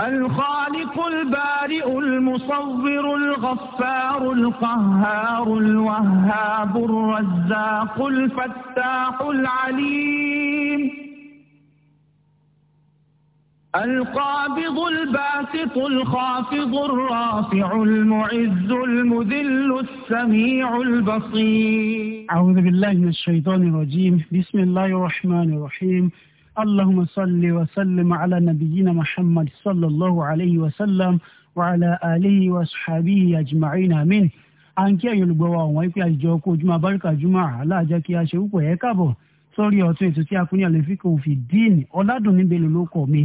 الخالق البارئ المصور الغفار القهار الوهاب الرزاق الفتاح العليم القابض الباسط الخافض الرافع المعز المذل السميع البصير أعوذ بالله من الشيطان الرجيم بسم الله الرحمن الرحيم اللهم صل وسلم على نبينا محمد صلى الله عليه وسلم وعلى آله وصحبه أجمعين آمين à ń kí ẹ̀yin olùgbọ́ wa ọ̀wọ́n ìpè àjọ kó ojúmọ́ abáríkà jùmọ̀ aláàjá a ṣe wúpọ̀ ẹ̀ káàbọ̀ sórí ọ̀tún ètò tí a kún ní àlefíkò fi dín ọ̀làdùnní bẹ́ẹ̀ ló kọ̀ mi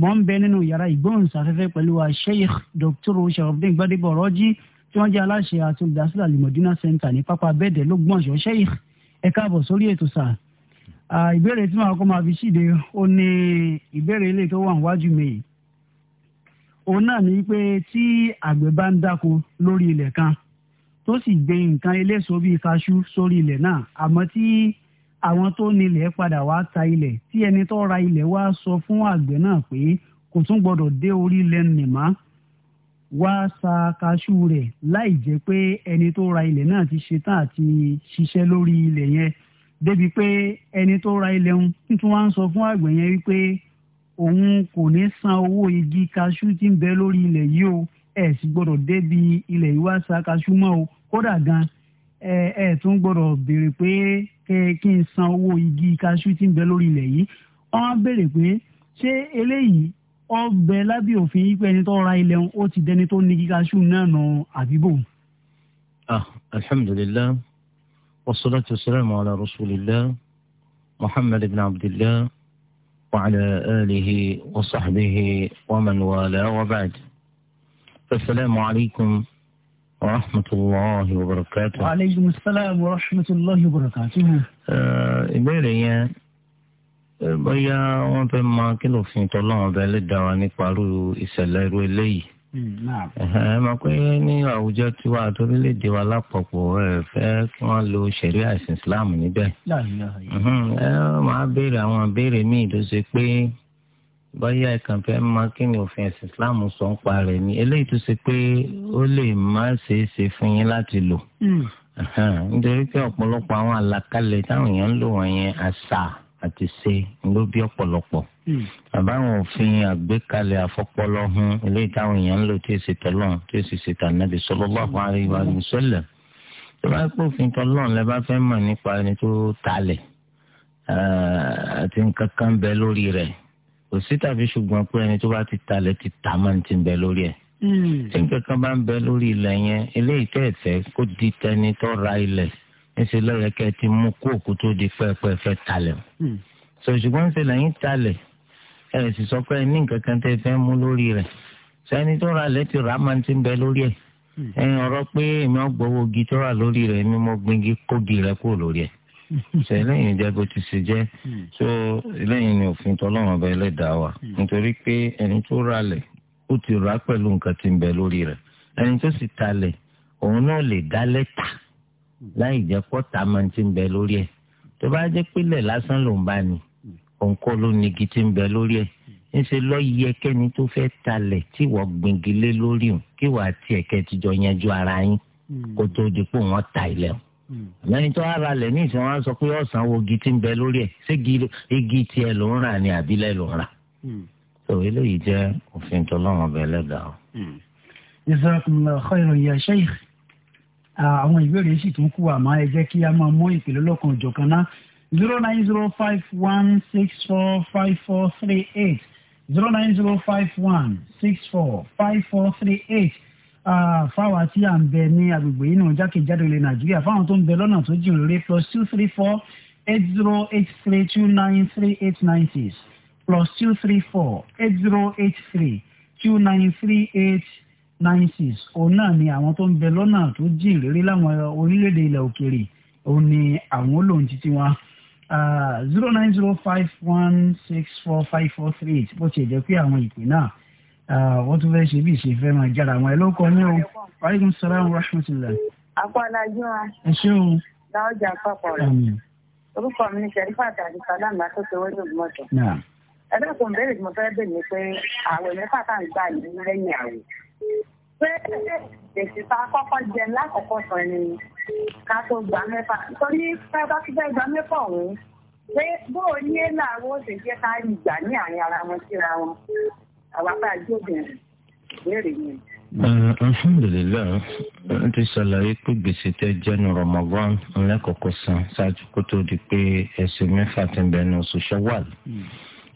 mọ̀ ń bẹ nínú yàrá ìgbóhùnsáfẹ́fẹ́ pẹ̀lú wa sheikh dr sharafdin gbadebo ọ̀rọ̀jì tí wọ́n jẹ́ aláṣẹ àti olùdásílẹ̀ alimọ̀dínà center ní pápá bẹ́ẹ̀dẹ̀ lọ́gbọ̀nsọ̀ sheikh ẹ̀ káàbọ̀ sórí ètò sáà ìbéèrè tí màá kọ́ máa fi ṣíde ó ní ìbéèrè ilé tó wà níwájú mi yìí òun náà ní pé tí àgbẹ̀ bá ń dáko lórí ilẹ̀ kan tó sì gbin nǹkan eléso bíi kaṣú sórí ilẹ̀ náà àmọ́ tí àwọn tó nílẹ̀ padà wá ta ilẹ̀ tí ẹni tó ra ilẹ̀ wá sọ fún àgbẹ̀ náà pé kò tún gbọdọ̀ dé orí ilẹ̀ nìmá wá sa kaṣú rẹ̀ láì jẹ́ pé ẹni tó ra ilẹ̀ náà ti ṣetán àti ṣiṣẹ́ lórí ilẹ̀ yẹn débi pé ẹni tó ra ilẹ̀ ń tún wá ń sọ fún àgbẹ̀ yẹn wípé òun kò ní san owó igi kaṣú tí ń bẹ lórí ilẹ̀ yìí o ẹ̀ sì gbọ́dọ̀ débi ilẹ̀ yìí wá sa kaṣú mọ́ o kódà gan ẹ ẹ tún gbọ́dọ̀ béèrè pé kẹ kí n san owó igi kaṣú tí ń bẹ lórí ilẹ̀ yìí wọ́n á béèrè pé ṣé eléyìí ọbẹ̀ lábẹ́ òfin yìí pé ẹni tó ra ilẹ̀ ń ó ti dẹni tó ní igi kaṣú náà nà àbíbò. ah alhamdulilayi والصلاة والسلام على رسول الله محمد بن عبد الله وعلى آله وصحبه ومن والاه وبعد السلام عليكم ورحمة الله وبركاته وعليكم السلام ورحمة الله وبركاته آه، ìbéèrè yẹn آه، bóyá wọ́n fẹ́ máa kí lófin tọ́lọ́run ọba ẹlẹ́dàá wa Hmm, ẹ mọ̀ pé ní àwùjọ tiwa àtòrílẹ̀èdè wa lápapọ̀ ẹ fẹ́ kí wọ́n lo ṣẹ̀ríà ẹ̀sìn islam níbẹ̀ ẹ máa béèrè àwọn béèrè míì tó ṣe pé bóyá ẹ̀kan fẹ́ máa kí ni òfin ẹ̀sìn islam sọ ń pa rẹ̀ ni eléyìí tó ṣe pé ó lè má ṣeé ṣe fún yín láti lò hmm. nítorí pé ọ̀pọ̀lọpọ̀ àwọn àlàkalẹ̀ táwọn èèyàn ń lò wọ̀nyẹn àṣà àti ṣe ló bí ọ̀pọ̀lọpọ̀ àbáwọn òfin àgbékalẹ̀ àfọpọlọ hun eléyìí táwọn èèyàn ń lò tí èsì tọ́lọ̀ tí èsì ṣe tànàbí sallallahu alaihi wa sallam tó bá pé òfin tọ́lọ̀ lẹ bá fẹ́ mọ̀ nípa ẹni tó talẹ̀ eh, àti nǹkan kan bẹ lórí rẹ̀ kò sí tàbí ṣùgbọ́n pé ẹni tó bá ti talẹ̀ ti tà máa ti bẹ lórí ẹ̀ hmm. tí nǹkan kan bá ń bẹ lórí ilẹ̀ yẹn eléyìí tẹ́ ẹ fẹ́ kó di tẹni tó ra ilẹ̀ ńṣe ẹ sì sọ pé ní nǹkan kan tẹ́ fẹ́ mú lórí rẹ̀ sẹ́ni tó ra lẹ́tì rà máa ti ń bẹ lórí ẹ̀ hmm. ẹ̀yin ọ̀rọ̀ pé èmi ọ̀gbọ́wọ́ igi tó wà lórí rẹ̀ mi mo gbin kógi rẹ̀ kúrò lórí ẹ̀ hmm. ṣe lẹ́yìn bó ti ṣe jẹ́ hmm. so lẹ́yìn ni òfin tọ́lọ́run ọba ẹlẹ́dàá wa nítorí pé ẹni tó ra lẹ̀ ó ti rà pẹ̀lú nǹkan tí ń bẹ lórí rẹ̀ ẹni tó sì ta lẹ̀ òun náà lè dá lẹ́tà láì jẹ́ pọ́ta máa ti ń bẹ lórí ẹ̀ tó bá jẹ́ pé lẹ̀ lásán lòún bá ní òǹkó ló ní igi tí ń bẹ lórí ẹ̀ ńṣe lọ yẹ kẹ́ni tó fẹ́ talẹ̀ tí wọ́n gbìngilé lórí òun kí wàá tiẹ̀ kẹ́ ti jọ yanjú ara yín hmm. kó tó di pé wọ́n ta ilẹ̀ o. lẹ́yìn hmm. tó ara lẹ̀ ní ìsìn wọn sọ pé ọ̀sán wo igi tí ń bẹ lórí ẹ̀ ṣé igi tiẹ̀ ló ń rà ní àbílẹ̀ ló ń rà. tó hmm. eléyìí jẹ́ òfin tó lọ́wọ́ bẹ lẹ́dàá o. jazakumullahu khairan ya sheikh ah, àwọn zero nine zero five one six four five four three eight zero nine zero five one six four five four three eight ah, fáwọn tí à ń bẹ ní agbègbè yìí náà jákèjádò ilẹ̀ nàìjíríà fáwọn tó ń bẹ lọ́nà tó jìn lórí plus two three four eight zero eight three two nine three eight nine six plus two three four eight zero eight three two nine three eight nine six òun náà ni àwọn tó ń bẹ lọ́nà tó jìn lórí láwọn orílẹ̀-èdè ilẹ̀ òkèèrè òun ni àwọn olóhùn títí wọn. Uh, zero nine zero five one six four five four three eight bó ti jẹ́ pé àwọn ìpè náà uh, wọ́n tún fẹ́ ṣe bí ìṣe fẹ́ máa jára àwọn ẹlọ́kọ ní o aleykum salaam wa rahmatulah. àpọ̀lájú wa. ẹ ṣé o. láwùjọ àpapọ̀ rẹ̀ orúkọ mi ni sẹ́rífà tàbí sàlám látòkè wọ́n ní mọ́tò. ẹ dákun bẹ́ẹ̀ ni mo fẹ́ bẹ̀ mí pé àwẹ̀ mẹ́fà tá à ń gbà yìí lẹ́yìn àwẹ̀. pé èsì tá a kọ́kọ́ jẹ lákòókò sọ ẹni ká tó gbà mẹ́fà torí fẹ́ bá ti fẹ́ gbà mẹ́fà ọ̀hún pé bóò ní ẹ̀ làwọn ò sì jẹ́ ká gbà ní àárín ara wọn síra wọn àwa bá jókòó ìbéèrè yẹn. Mm, alhamdulilayi n ti ṣàlàyé pé gbèsè tẹ jẹnu Ramadan lẹkọọkọ san ṣáájú kó tó di pé ẹsẹ mẹ́fà ti bẹnu oṣù Ṣawwal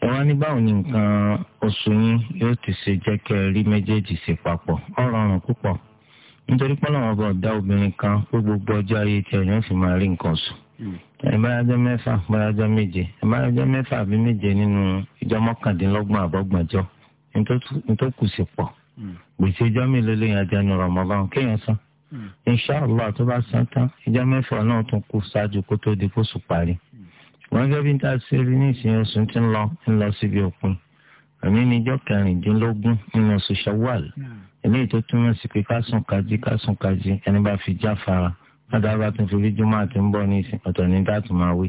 ẹ wá ní báwo ni nǹkan oṣù yín yóò ti ṣe jẹ́ kẹ́ rí méjèèjì ṣe papọ̀ ọ̀rọ̀ ọ̀rùn púpọ̀. nítorí pé ọlọ́run ọba ọ̀dá obìnrin kan fún gbogbo ọjọ́ ayé tí ẹ̀yàn sì máa rí nǹkan sùn hmm. ẹ bá yájọ́ mẹ́fà bá méje ẹ mẹ́fà méje nínú ìjọ mọ́kàndínlọ́gbọ̀n àbọ̀gbọ̀njọ́ nítorí kù sí pọ̀ hmm. gbèsè ìjọ mélòó lè kéèyàn san hmm. tó bá san tán ìjọ mẹ́fà náà tún kù ṣáájú kó tó di kó sùn parí wọ́n gẹ́gẹ́ bí ní àmì níjọ́ kẹrìndínlógún nínú oṣù Ṣawwal hmm. eléyìí tó túmọ̀ sí pé kásùn kájí kásùn kájí ẹni bá fi jáfara ládàbà tó fi ríjú máa ti ń bọ̀ ní ìsìn ọ̀tọ̀ ní dátù máa wí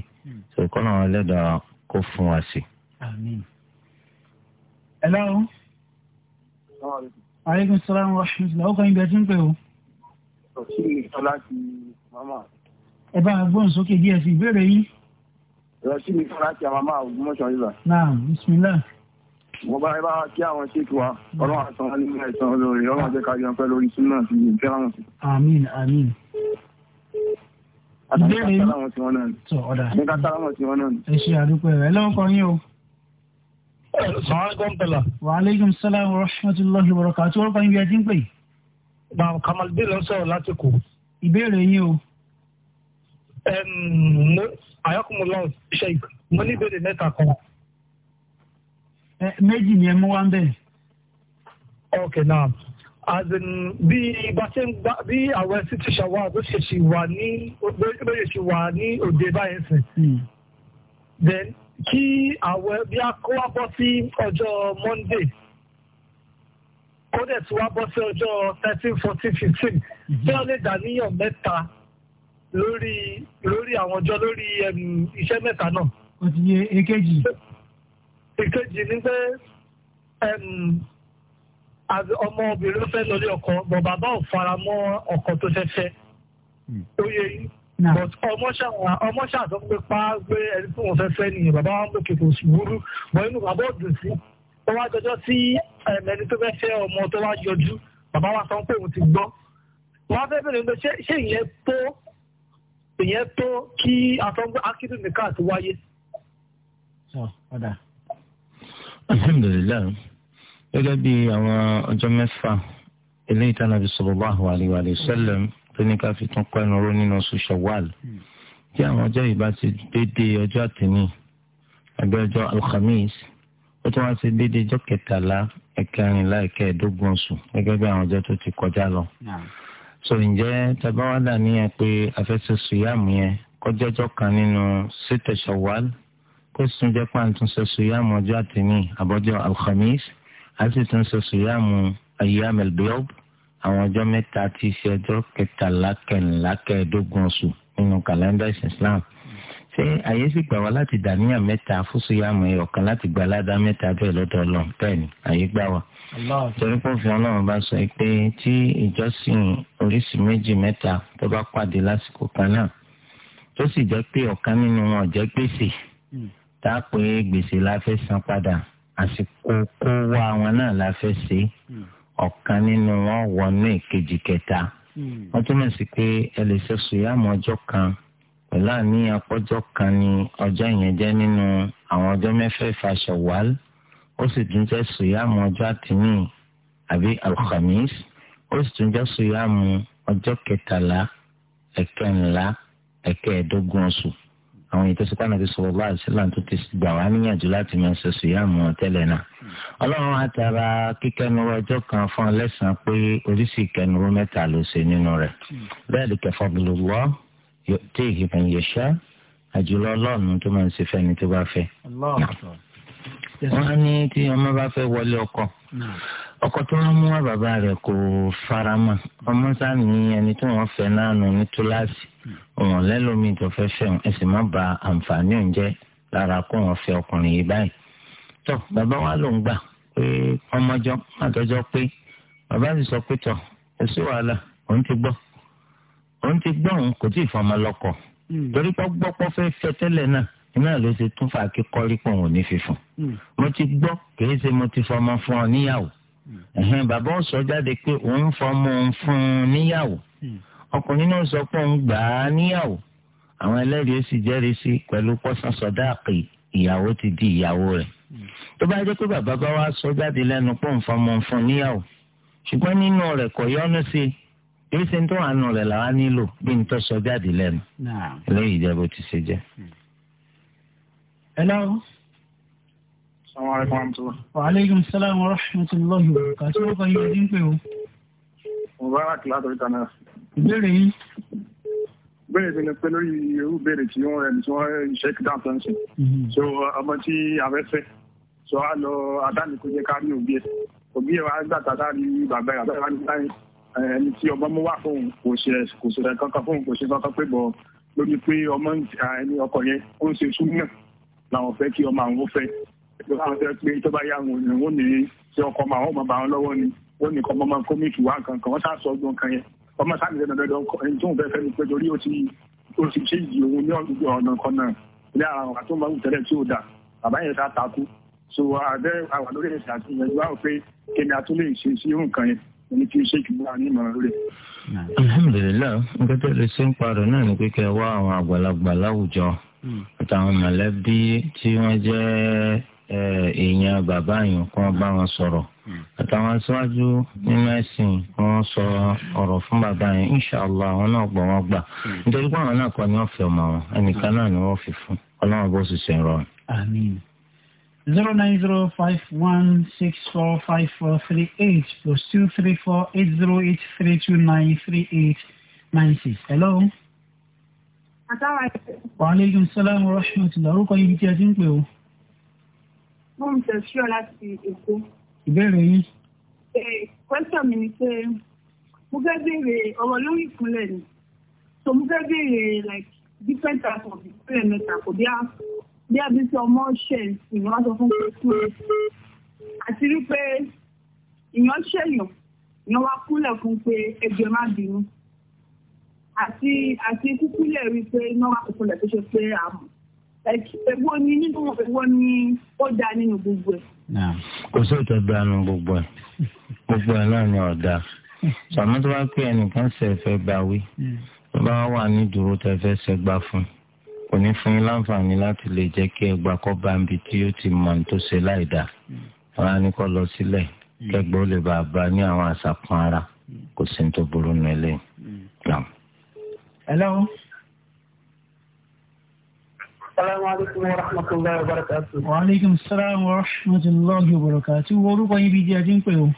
ṣòkò hmm. náà ẹlẹ́dàá kó fún wa sí. hello. aleykum salaam wa rahmatulah ọkọ ibi ẹtí ń pè o. ọ̀sìn ìtọ́lá ti mama. ẹ bá a gbóhùn sókè díẹ̀ sí ìbéèrè yìí. ọ̀sìn ìtọ́lá ti mama ògbómọ̀ṣọ́ yìí lọ. naam bisimilah wọ́n bá bá kí àwọn ṣètò wa ọlọ́run àtàn wọn nínú ẹ̀sán olórí ọlọ́run jẹ́ ká yan pẹ́ lórí súnmọ́ sí i fẹ́ràn wọn sí. àmín àmín. ìbéèrè yìí tó ọ̀dà ẹ ṣe àdúpẹ́ rẹ̀ lọ́kọ̀ yín o. wa aleykum salaam wa rahmatulahi wa barakatuh orúkọ yín bí ẹ ti ń pè. bàbá kamal bí lọ sọ̀rọ̀ láti kù. ìbéèrè yín o. ayọ́kùnmọ́ mo ní ìbéèrè mẹ́ta Eh, méjì ni ẹ mú wá ń bẹ̀. ok now as in bí bá ṣe ń gbá bí àwọn ẹsìn ti ṣàwọ́ àbó ṣe ṣì wà ní lóye ṣì wà ní òde báyìí sìn. Hmm. then kí àwọn bí a kó wá bọ́ sí ọjọ́ monday kó dẹ̀ tí wá bọ́ sí ọjọ́ thirteen fourteen fifteen tí hmm. wọ́n lè dàníyàn mẹ́ta lórí lórí àwọn ọjọ́ lórí iṣẹ́ mẹ́ta náà. ó ti èkejì ìkejì ni pé ọmọ obìnrin ló fẹ́ lórí ọkọ bọ̀ bàbá ò fara mọ́ ọkọ tó fẹ́ fẹ́ hmm. ó yẹ yín but ọmọ ṣàwọn ọmọ ṣàtọ́ pé pa gbé ẹni tí wọ́n fẹ́ fẹ́ nìyẹn bàbá wọn lókè kò sí burú bọ̀ inú bàbá ò dùn sí ó wá jọjọ́ sí ẹni tó fẹ́ fẹ́ ọmọ tó wá yọjú bàbá wa sọ pé òun ti gbọ́ wọ́n á fẹ́ bẹ̀rẹ̀ pé ṣé ìyẹn tó ìyẹn tó kí asọ́gbọ́n akíndùn nìkan àti wáyé alhamdulilayi gẹ́gẹ́ bí àwọn ọjọ́ mẹ́fà eléyìí tá nàbí sallallahu alaihi wa sallam tó ní ká fi tún pẹ́nu ró nínú oṣù Shawwal tí àwọn ọjọ́ yìí bá ti dédé ọjọ́ àtìní àbí ọjọ́ alhamis ó tún wá sí dédé ọjọ́ kẹtàlá ẹ̀kẹrìnlá ẹ̀kẹẹ̀dógún oṣù gẹ́gẹ́ bí àwọn ọjọ́ tó ti kọjá lọ. so ǹjẹ́ tabawa dà pé afẹ́sẹ̀ sùyàmù yẹn kọjọ́jọ́ kan nínú sítẹ̀ Shawwal kó sún jẹ́ pé à ń tún ṣe sùyàmù ọjọ́ àtìní àbọ̀jọ́ alhamis a sì tún ṣe sùyàmù ayyam al-biyad àwọn ọjọ́ mẹ́ta ti ṣe ọjọ́ kẹtàlá kẹrìnlá kẹẹ̀ẹ́dógún oṣù nínú kàlẹ́ndà ìsìn islam ṣé àyè sì gbà wá láti dàníyàn mẹ́ta fún sùyàmù ẹ̀yọ̀kan láti gba aládàá mẹ́ta bẹ́ẹ̀ lọ́dọ̀ ọlọ́run bẹ́ẹ̀ ni àyè gbà wá torí pé òfin tá a pè é gbèsè la fẹ́ san padà àsìkò kó wá àwọn náà la fẹ́ ṣe ọ̀kan nínú wọn wọnú ìkejì kẹta wọ́n túmọ̀ sí pé ẹ lè ṣe sùyàmù ọjọ́ kan pẹ̀lú àníyàn pọ́jọ́ kan ní ọjọ́ yẹn jẹ́ nínú àwọn ọjọ́ mẹ́fẹ̀ẹ̀fà ṣọ̀wál ó sì tún jẹ́ sùyàmù ọjọ́ àtìní àbí alhamis ó sì tún jẹ́ sùyàmù ọjọ́ kẹtàlá ẹ̀kẹrìnlá ẹ̀kẹẹ̀ẹ́dógún oṣù àwọn ètò tí kánàbí sallallahu alaihi wasallam tó ti gbà wá níyànjú láti máa ṣe sùyàmù tẹ́lẹ̀ náà. ọlọ́run á tara kíkẹ́nuró ọjọ́ kan fún ọ lẹ́sàn-án pé oríṣi ìkẹ́nuró mẹ́ta ló ṣe nínú rẹ̀. bẹ́ẹ̀ ni fadlullah yu'tihi man yasha àjùlọ ọlọ́run tó máa ń ṣe fẹ́ni tó bá fẹ́. wọ́n á ní tí ọmọ bá fẹ́ wọlé ọkọ ọkọ tí wọn mú wá bàbá rẹ̀ kò faramọ́ ọmọ sani ẹni tí wọn fẹ́ náà nù ní túláàsì òun lẹlòmíì tó fẹ́ fẹ́ ẹ sì má ba àǹfààní oúnjẹ lára kó wọn fẹ́ ọkùnrin yìí báyìí tọ bàbá wa ló ń gbà pé ọmọjọ àtọjọ pé bàbá sì sọ pé tọ kò wàhálà òun ti gbọ́ òun ti gbọ́ òun kò tí fọmọ lọ́kọ hmm. torí pé gbọpọ fẹ́ fẹ́ tẹ́lẹ̀ náà iná ló ti tún fà kíkọ́rí pọ̀ òun ní fífún hmm. mo ti gbọ́ kì í ṣe mo ti fọmọ fún ọ níyàwó bàbá ó sọ jáde pé òun fọmọ òun fún un níyàwó hmm. ọkùnrin náà sọ pé òun gbà á níyàwó àwọn ẹlẹ́rìí ó sì jẹ́rìí sí pẹ̀lú pọ́sán sọdá àpè ìyàwó ti di ìyàwó rẹ̀ hmm. tó bá jẹ́ pé bàbá bá wá sọ jáde lẹ́nu pé òun fọmọ òun fún un níyàwó ṣùgbọ́n nínú rẹ̀ kò yọ́nú sí i èyí ṣe ń tó àánú rẹ̀ làwa nílò bí n tó sọ jáde lẹ́nu lẹ́yìn ìjẹ́bù ti ṣe jẹ́. ẹ hmm. lọ́wọ́. Assalamu alaikum warahmatullahi. Wa alaikum salam warahmatullahi wabarakatuh. Wọ́n kọ́ yóò dín pé o. Mubarak látọ̀rí kan náà. Ìbéèrè yín. Ìbéèrè mi ni pé lórí irú ìbéèrè tí wọ́n rẹ̀ tí wọ́n ṣe kí dáńtọ́ ń sìn. Mhm. So ọmọ tí afẹ́fẹ́ so a lọ adánìkó jẹ́ ká rí òbí ẹ̀. Òbí ẹ̀ wá gbà tàdá rí bàbá ẹ̀ àbẹ́rẹ́ wá ní láyé. Ẹni tí ọmọ mú wá fóun kò ṣe kò ṣe kankan fóun kò ṣe kankan pé bọ̀ lórí pé ọmọ ẹni ọkọ yẹn ó ń ṣe sùn náà làwọn fẹ́ kí ọmọ àwọn ó fẹ́ ẹgbẹ́ wọn fẹ́ pé tó bá yá wọn ni wọ́n ní ṣé ọkọ máa wọ́n máa bá wọn lọ́wọ́ ni wọ́n ní kọ́ máa kọ́míkì wá nǹkan kan wọ́n sá sọ ọgbọ́n kan yẹn ọmọ sáà nìyẹn dandan ẹni tó ń fẹ́ fẹ́ ni pé torí ó ti ó ti ṣe ìdí òun ní ọ̀dùnkún ọ̀nà kan náà ilé ara àwọn àtúntò máa ń tẹ̀lé tí ó dà bàbá yẹn sá takú so àbẹ́ àwọn lórí ẹ̀sìn àti ìyẹn wá pé kéde àtúnlé ìṣe sí irú nǹkan yẹn ẹni tí iṣẹ́ ìjùmọ̀ ní ìmọ̀ràn lórí. alhamdulilayi nǹkan tó lè ṣe ń parọ́ náà ni pé kẹ́ wá àwọn àgbàlagbà láwùjọ hmm. àtàwọn mọ̀lẹ́bí tí wọ́n jẹ́ èèyàn bàbá yẹn kan bá wọn sọ̀rọ̀ àtàwọn aṣáájú nínú ẹ̀sìn wọn sọ ọ̀rọ̀ fún bàbá yẹn inshàlá àwọn náà gbọ́ wọn gbà nítorí pé àwọn náà kọ́ ni wọ́n fẹ́ ọmọ wọn náà ni wọ́n fi fún ọlọ́run bó sì ṣe rọrùn. àmín zero nine zero five one six wa rahmatulah orúkọ a ti mọ́mí tẹ̀síọ́ láti èkó. ìbéèrè yín. pẹ́sọ̀ mi ni pé mo fẹ́ béèrè ọ̀rọ̀ lórí ìpínlẹ̀ ni so mo fẹ́ béèrè like different types of ìpínlẹ̀ mẹ́ta kò bí a bí a bí sọ ọmọ ṣe ìsìn wọn sọ fún pé kú ẹ àti wípé ìyàn ṣèyàn ìyàn wa kúnlẹ̀ fún pé ẹgbẹ́ má bínú àti àti kúkúlẹ̀ rí pé iná wa kúkúlẹ̀ tó ṣe pé àmọ́ èwo ni nínú èwo ni ó da nínú gbogbo ẹ̀. kò sí òtò da nínú gbogbo ẹ̀ gbogbo ẹ̀ náà ni ọ̀dà sàmú tó bá pé ẹnìkan ṣe fẹ́ gbà wí tó bá wà ní ìdúró tẹ́ fẹ́ ṣe gbà fún kò ní fún yín láǹfààní láti lè jẹ́ kí ẹgbà kọ́ bá ń bi tí yóò ti mọ̀ tó ṣe láì dá wọn ní kọ́ lọ sílẹ̀ kẹgbẹ́ ó lè bá a bá ní àwọn àṣà kan ara kò sí ní tó burú nù ẹ lẹ́yìn. Assalamu alaikum wa rahmatullahi wa barakatuh. Wa alaikum assalam wa rahmatullahi wa barakatuh. Wo orúkọ yín bí jẹ́ ajé ń pè o?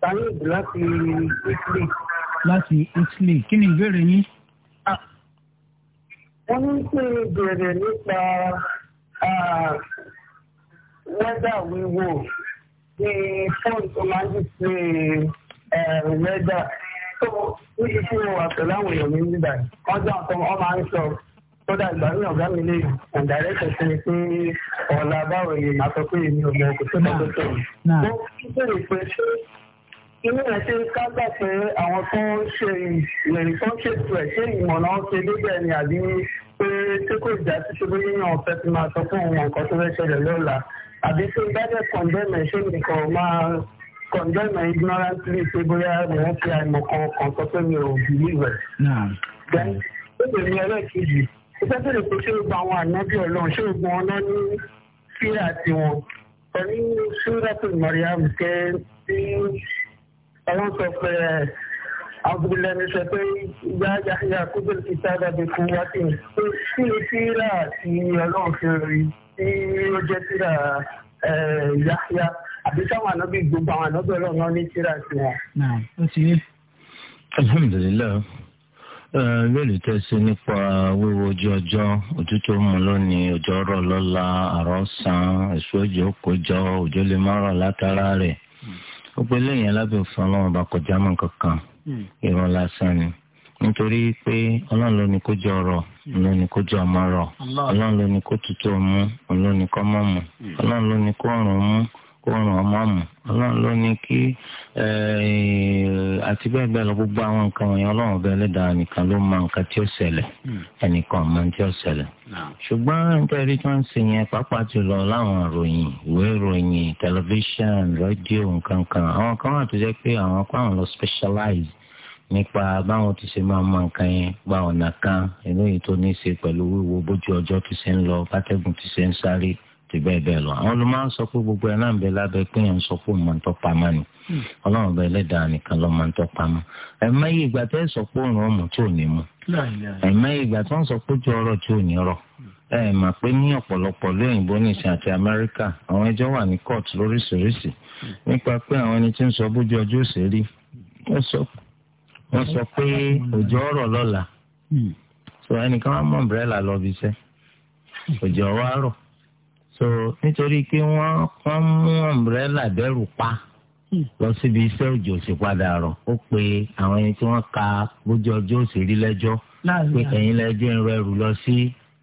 Sayid láti Italy. Láti Italy. Kí ni ìbéèrè yín? Wọ́n ní kí n bèrè nípa wẹ́dà wíwò ní kódà ìgbà ní ọ̀gá mi lè ọ̀dàrẹ́ kẹsàn-án pé ọ̀la báwo ni màá sọ pé èmi ò mọ òkú tó lọ́dọ̀ tó. mo bèrè pé ṣé inú rẹ̀ ṣe ń kágbà pé àwọn tó ń ṣe ìrìn tó ń ṣètò ẹ̀ ṣé ìmọ̀nà ń ṣe débẹ̀ ni àbí pé tí kò já sí ṣe bóyá èèyàn fẹ́ fi máa sọ fún òun nǹkan tó fẹ́ ṣẹlẹ̀ lọ́la àbí tó bá dẹ̀ kọ̀ǹdẹ́mẹ̀ ṣé nìkan máa kọ̀ǹdẹ́mẹ̀ ignorantly ṣe bóyá mò ń fi àìmọ̀kan kan sọ pé mi ò bìlíìvẹ̀. bẹ́ẹ̀ ni ẹlẹ́kejì ìfẹ́ bèrè pé ṣé gbogbo àwọn ànábì ọlọ́run ṣé gbogbo wọn náà ní síra tiwọn pẹ̀lú ṣúrẹ́tù mariam kẹ́ tí ọlọ́run sọ pé abudulayi sọ pé ìgbà yàyà kúndé ti sáadà bí kú wá sí pé kí ni síra tí ọlọ́run fi rí tí ó jẹ́ síra yàyà àbí sáwọn ànábì gbogbo àwọn ànábì ọlọ́run náà ní síra tiwọn. náà ó alhamdulilayi. ìbéèrè tẹ́ sí nípa wíwo ojú ọjọ́ òtútù mú lónìí òjò lọ́la àrọ́ san èso òjò kójọ òjò lè má rọ̀ látara rẹ̀ ó hmm. pé lẹ́yìn alábẹ́ òfin ọlọ́run bá kọjá mọ́ kankan hmm. ìrọ̀ lásán ni nítorí pé ọlọ́run ló ní kójọ rọ̀ hmm. ló ní kójọ ọmọ rọ̀ ọlọ́run ló ní kó ràn ọmọ mu ọlọ́run ló ní kí eh, àti bẹ́ẹ̀ bẹ́ẹ̀ lọ gbogbo àwọn nǹkan wọ̀nyẹn ọlọ́run bẹ́ẹ̀ lẹ́dàá nìkan ló mọ nǹkan tí ó ṣẹlẹ̀ hmm. ẹnìkan mọ tí ó ṣẹlẹ̀. ṣùgbọ́n nítorí tí wọ́n ń ṣe yẹn pàápàá jùlọ láwọn ìròyìn ìwé ìròyìn tẹlifíṣàn rédíò nǹkan kan àwọn kan wà tó jẹ́ pé àwọn kan lọ specialize nípa báwọn ti ṣe máa mọ nǹkan yẹn gba ọ̀nà kan eléyìí tó ní í ṣe pẹ̀lú wíwo bójú ọjọ́ ti ṣe ń lọ bátẹ́gùn ti ṣe ń sáré àti bẹ́ẹ̀ bẹ́ẹ̀ lọ àwọn olùmọ̀ sọ pé gbogbo ẹ̀ náà ń bẹ lábẹ́ pé yẹn ń sọ pé òun máa ń ni hmm. ọlọ́run bẹ nìkan ló máa ń tọ́pa mọ́ ẹ̀mọ́ yìí ìgbà sọ pé òun ọmọ tí ò ní mu tó ń pé ojú ọrọ̀ tí ní rọ̀ mà pé ní ọ̀pọ̀lọpọ̀ nìṣẹ́ àti amẹ́ríkà àwọn ẹjọ́ wà ní lóríṣiríṣi hmm. nípa pé àwọn ẹni tí ń sọ so nítorí pé wọ́n wọ́n mú ọmbrẹ́là bẹ́rù pa lọ síbi iṣẹ́ òjò sì padà rọ̀ ó pe àwọn ẹni tí wọ́n ka lójú ọjọ́ òsèrí lẹ́jọ́ pé ẹ̀yin lẹ́jọ́ ń rẹrù lọ sí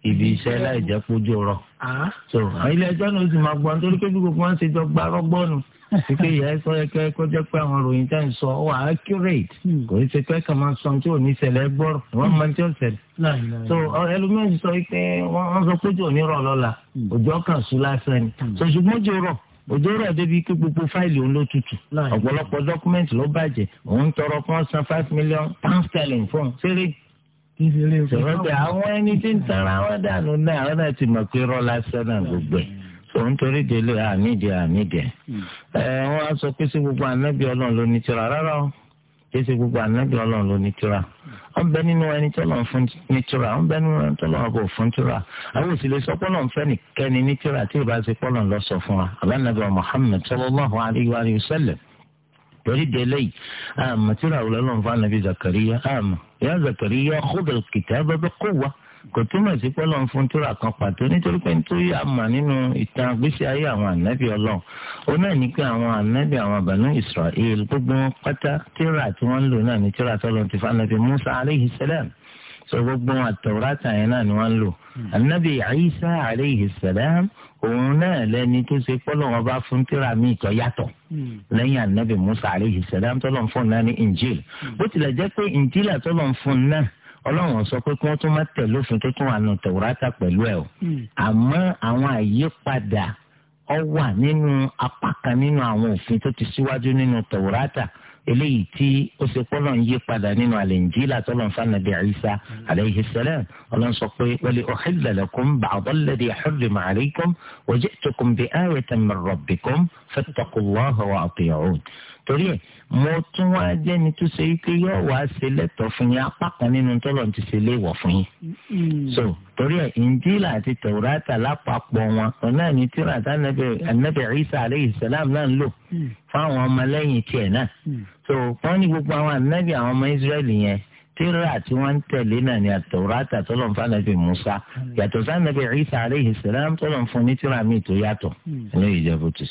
ibi iṣẹ́ láì jẹ́ kójú rọ. Ah. so ilé ẹjọ́ náà ó sì máa gbọ́ nítorí pé bí gbogbo wọn ṣe jọ gbá rọ́gbọ́nù sí pé ìyá ẹ̀sọ́ yẹ kẹ́kọ́ jẹ́ pé àwọn ròyìn tá à ń sọ ọ wà accurate hmm. kò ní ṣe pé kàn máa sọ tí ò ní ṣẹlẹ̀ gbọ́rọ̀ wọ́n máa ń tí ò ṣẹlẹ̀. so ẹlòmíràn sọ pé wọ́n sọ pé jò rọ̀ lọ́la hmm. òjò kan sùn lásán ni hmm. so ṣùgbọ́n jò rọ̀ òjò rọ̀ débi pé gbogbo fáìlì òun ló tutù ọ̀pọ̀lọpọ̀ dọ́kúmẹ́ǹtì ló bàjẹ́ òun tọrọ kan san five million pound sterling fún un sọ̀rọ̀dẹ̀ àwọn ẹni tí ń tara wọn dànù náà àwọn náà ti mọ̀ pé rọ́lá sẹ́nà gbogbo ẹ̀ òun torí délé ànídìí ànídìí ẹ̀ wọ́n á sọ pé sí gbogbo ànábì ọlọ́run ló ní tira rárá o kí sí gbogbo ànábì ọlọ́run ló ní tira wọ́n bẹ nínú ẹni tí ọlọ́run fún ní tira wọ́n bẹ nínú ẹni tí ọlọ́run kò fún tira àwọn òsì lè sọ pọ́nlọ̀ ń fẹ́ nìkẹ́ni ní tira tí ì torí délé yìí àmọ́ tíra àwọn ọlọ́run fún anabi zakariya àmọ́ ìyá zakariya khudul kitaba bi quwwa kò túmọ̀ sí pọ́lọ́ fún tíra kan pàtó nítorí pé nítorí àmà nínú ìtàn àgbésí ayé àwọn ànábì ọlọ́run ó náà ní pé àwọn ànábì àwọn àbànú Israel gbogbo wọn pátá tíra tí wọ́n ń lò náà ní tíra tọ́lọ́ ti fún anabi Musa aleyhi salam sọ gbogbo àtọ̀rọ̀tà yẹn náà ni wọ́n ń lò. Hmm. ànábì àyíṣà alayhi salam òun náà lẹni tó ṣe pọ́lọ́ wọn bá fún tíra mi ìtọ́ yàtọ̀ hmm. lẹ́yìn ànábì musa alayhi salam tọ́lọ̀ ń fún náà ní injil hmm. bó tilẹ̀ jẹ́ pé injil àtọ́lọ̀ ń fún náà ọlọ́run sọ pé kí wọ́n tún má tẹ̀ lófin tó tún àna tẹ̀wúrátà pẹ̀lú ẹ̀ o àmọ́ àwọn àyípadà ó wà nínú apá kan nínú àwọn òfin tó ti síwájú nínú tẹ̀wúrátà eléyìí tí ó ṣe pọ́ lọ́n yí padà nínú alẹ́ àlẹ́njílà tó lọ́n fún nàbí ayisa alayhi salam ọlọ́n sọ pé wọlé uhilla lakum ba'da alladhi harrama alaykum wa ji'tukum bi ayatin min rabbikum fattaqullaha wa ati'un torí ẹ̀ mo tún wá jẹ́ni tó ṣe wípé yóò wá ṣe lẹ́tọ̀ọ́ fún yín apá kan nínú tọ́lọ̀ ti ṣe léèwọ̀ fún yín. Mm-hmm. so torí ẹ̀ ìnjílà àti tẹ̀wúrátà lápapọ̀ wọn ọ̀nà ní tíra tá ànábì Ìsá alayhi salam náà ń lò mm. fáwọn ọmọlẹ́yìn tiẹ̀ náà. Mm. so wọ́n ní gbogbo àwọn ànábì àwọn ọmọ Ísírẹ́lì yẹn tíra tí wọ́n ń tẹ̀lé náà ni àtẹ̀wúrátà tọ́lọ̀ fún ànábì Musa mm. yàtọ̀ sí ànábì Ìsá alayhi salam tọ́lọ̀ fún ní tíra míì tó yàtọ̀. ẹlẹ́yìí jẹ́ bó ti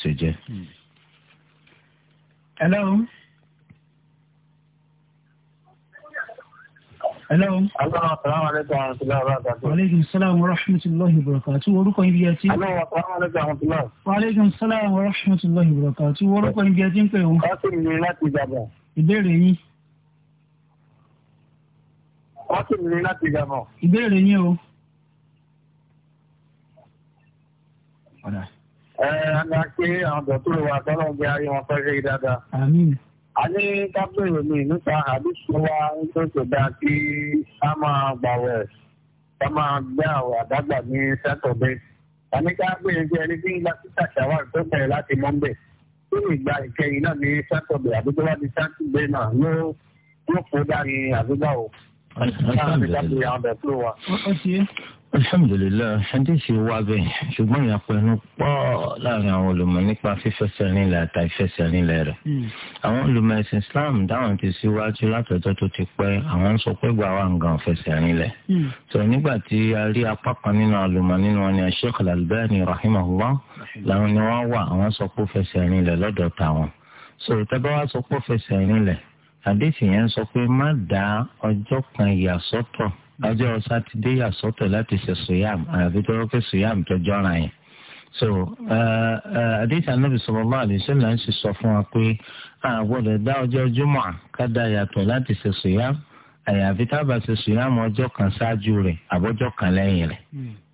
Hello. Aláwọ̀ sàlámù alẹ́kùn àwọn ọ̀sùn lọ́wọ́ àgbàdo. Aleykum sàlámù rahmatulahi barakatu. Orúkọ ibi ẹ ti. Aláwọ̀ sàlámù alẹ́kùn àwọn ọ̀sùn lọ́wọ́. Aleykum sàlámù rahmatulahi barakatu. Orúkọ ibi ẹ ti ń pè wọ́n. Kọ́sìn mi láti Ìbàdàn. Ìbéèrè yín. Kọ́sìn mi láti Ìbàdàn. Ìbéèrè yín o. Ẹ ẹ àgbà pé àwọn dọ̀tún wa tọ́lọ́ a ní kápẹ́rù mi nípa àdúgbò wa nítorí kò dáa kí a máa gbàwẹ̀ ká máa gbé àwọn àdágbà ní sátọ̀dé a ní kápẹ́rù jẹ́ ẹni tí ń gba títà ṣàwárí tó bẹ̀rẹ̀ láti mọ́ńbẹ̀ tó lè gba ìkẹyìn náà ní sátọ̀dé àdúgbò wa ní sátọ̀dé náà yóò yóò kó ní àdúgbò wa. ó ti é alhamdulilayi hadisi wa bẹ́ẹ̀ ṣùgbọ́n ìyàpẹnu pọ̀ láàrin àwọn olùmọ̀ nípa fífẹsẹ̀ nílẹ̀ àti àìfẹsẹ̀ nílẹ̀ rẹ̀ hmm. àwọn olùmọ̀ ẹ̀sìn islam dáhùn ti síwájú látọjọ́ tó ti pẹ́ àwọn ń sọ pé gba wa nǹkan fẹsẹ̀ nílẹ̀ tó hmm. nígbà tí a rí apá kan nínú olùmọ̀ nínú wọn ni sheikh al-albani rahimahullah làwọn ni wọn wà àwọn sọ pé fẹsẹ̀ nílẹ̀ lọ́dọ̀ tàwọn so tẹbẹ wa sọ pé fẹsẹ̀ nílẹ̀ hadisi yẹn sọ pé má dá ọjọ́ kan yà sọ́tọ̀ ọjọ́ sátidé yà sọ́tọ̀ láti ṣe sùyàm àyàfi tó rọ́kẹ́ sùyàm tó jọra yẹn. so àdéhùn anábì sallallahu alaihi wasallam ń sọ fún wa pé àgbọ̀dọ̀ dá ọjọ́ júmọ̀ kádà yàtọ̀ láti ṣe sùyàm àyàfi tábà ṣe sùyàmù ọjọ́ kan ṣáájú rẹ̀ àbọ̀jọ́ kan lẹ́yìn rẹ̀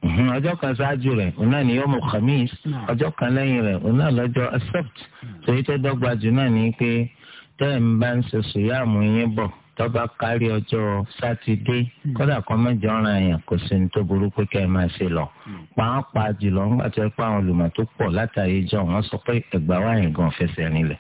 hmm. ọjọ́ kan ṣáájú rẹ̀ òun náà ni yóò mú khamis hmm. ọjọ́ kan lẹ́yìn rẹ̀ òun náà lọ́jọ́ accept hmm. torí tó dọ́gba jù náà ni pé tẹ́ ń bá ń ṣe sùyàmù yín bọ̀ tọ́ba kárí ọjọ́ sátidé hmm. kódà kan mẹ́jọ ọ̀ràn èèyàn kò sí ní tó burú pé kẹ́ ẹ máa ṣe lọ. Hmm. pàápàá jùlọ ńgbà tó ẹ pé àwọn olùmọ̀ tó pọ̀ látàrí ìjọ wọn sọ pé ẹ̀gbá wa yẹn gan fẹsẹ̀ rinlẹ̀.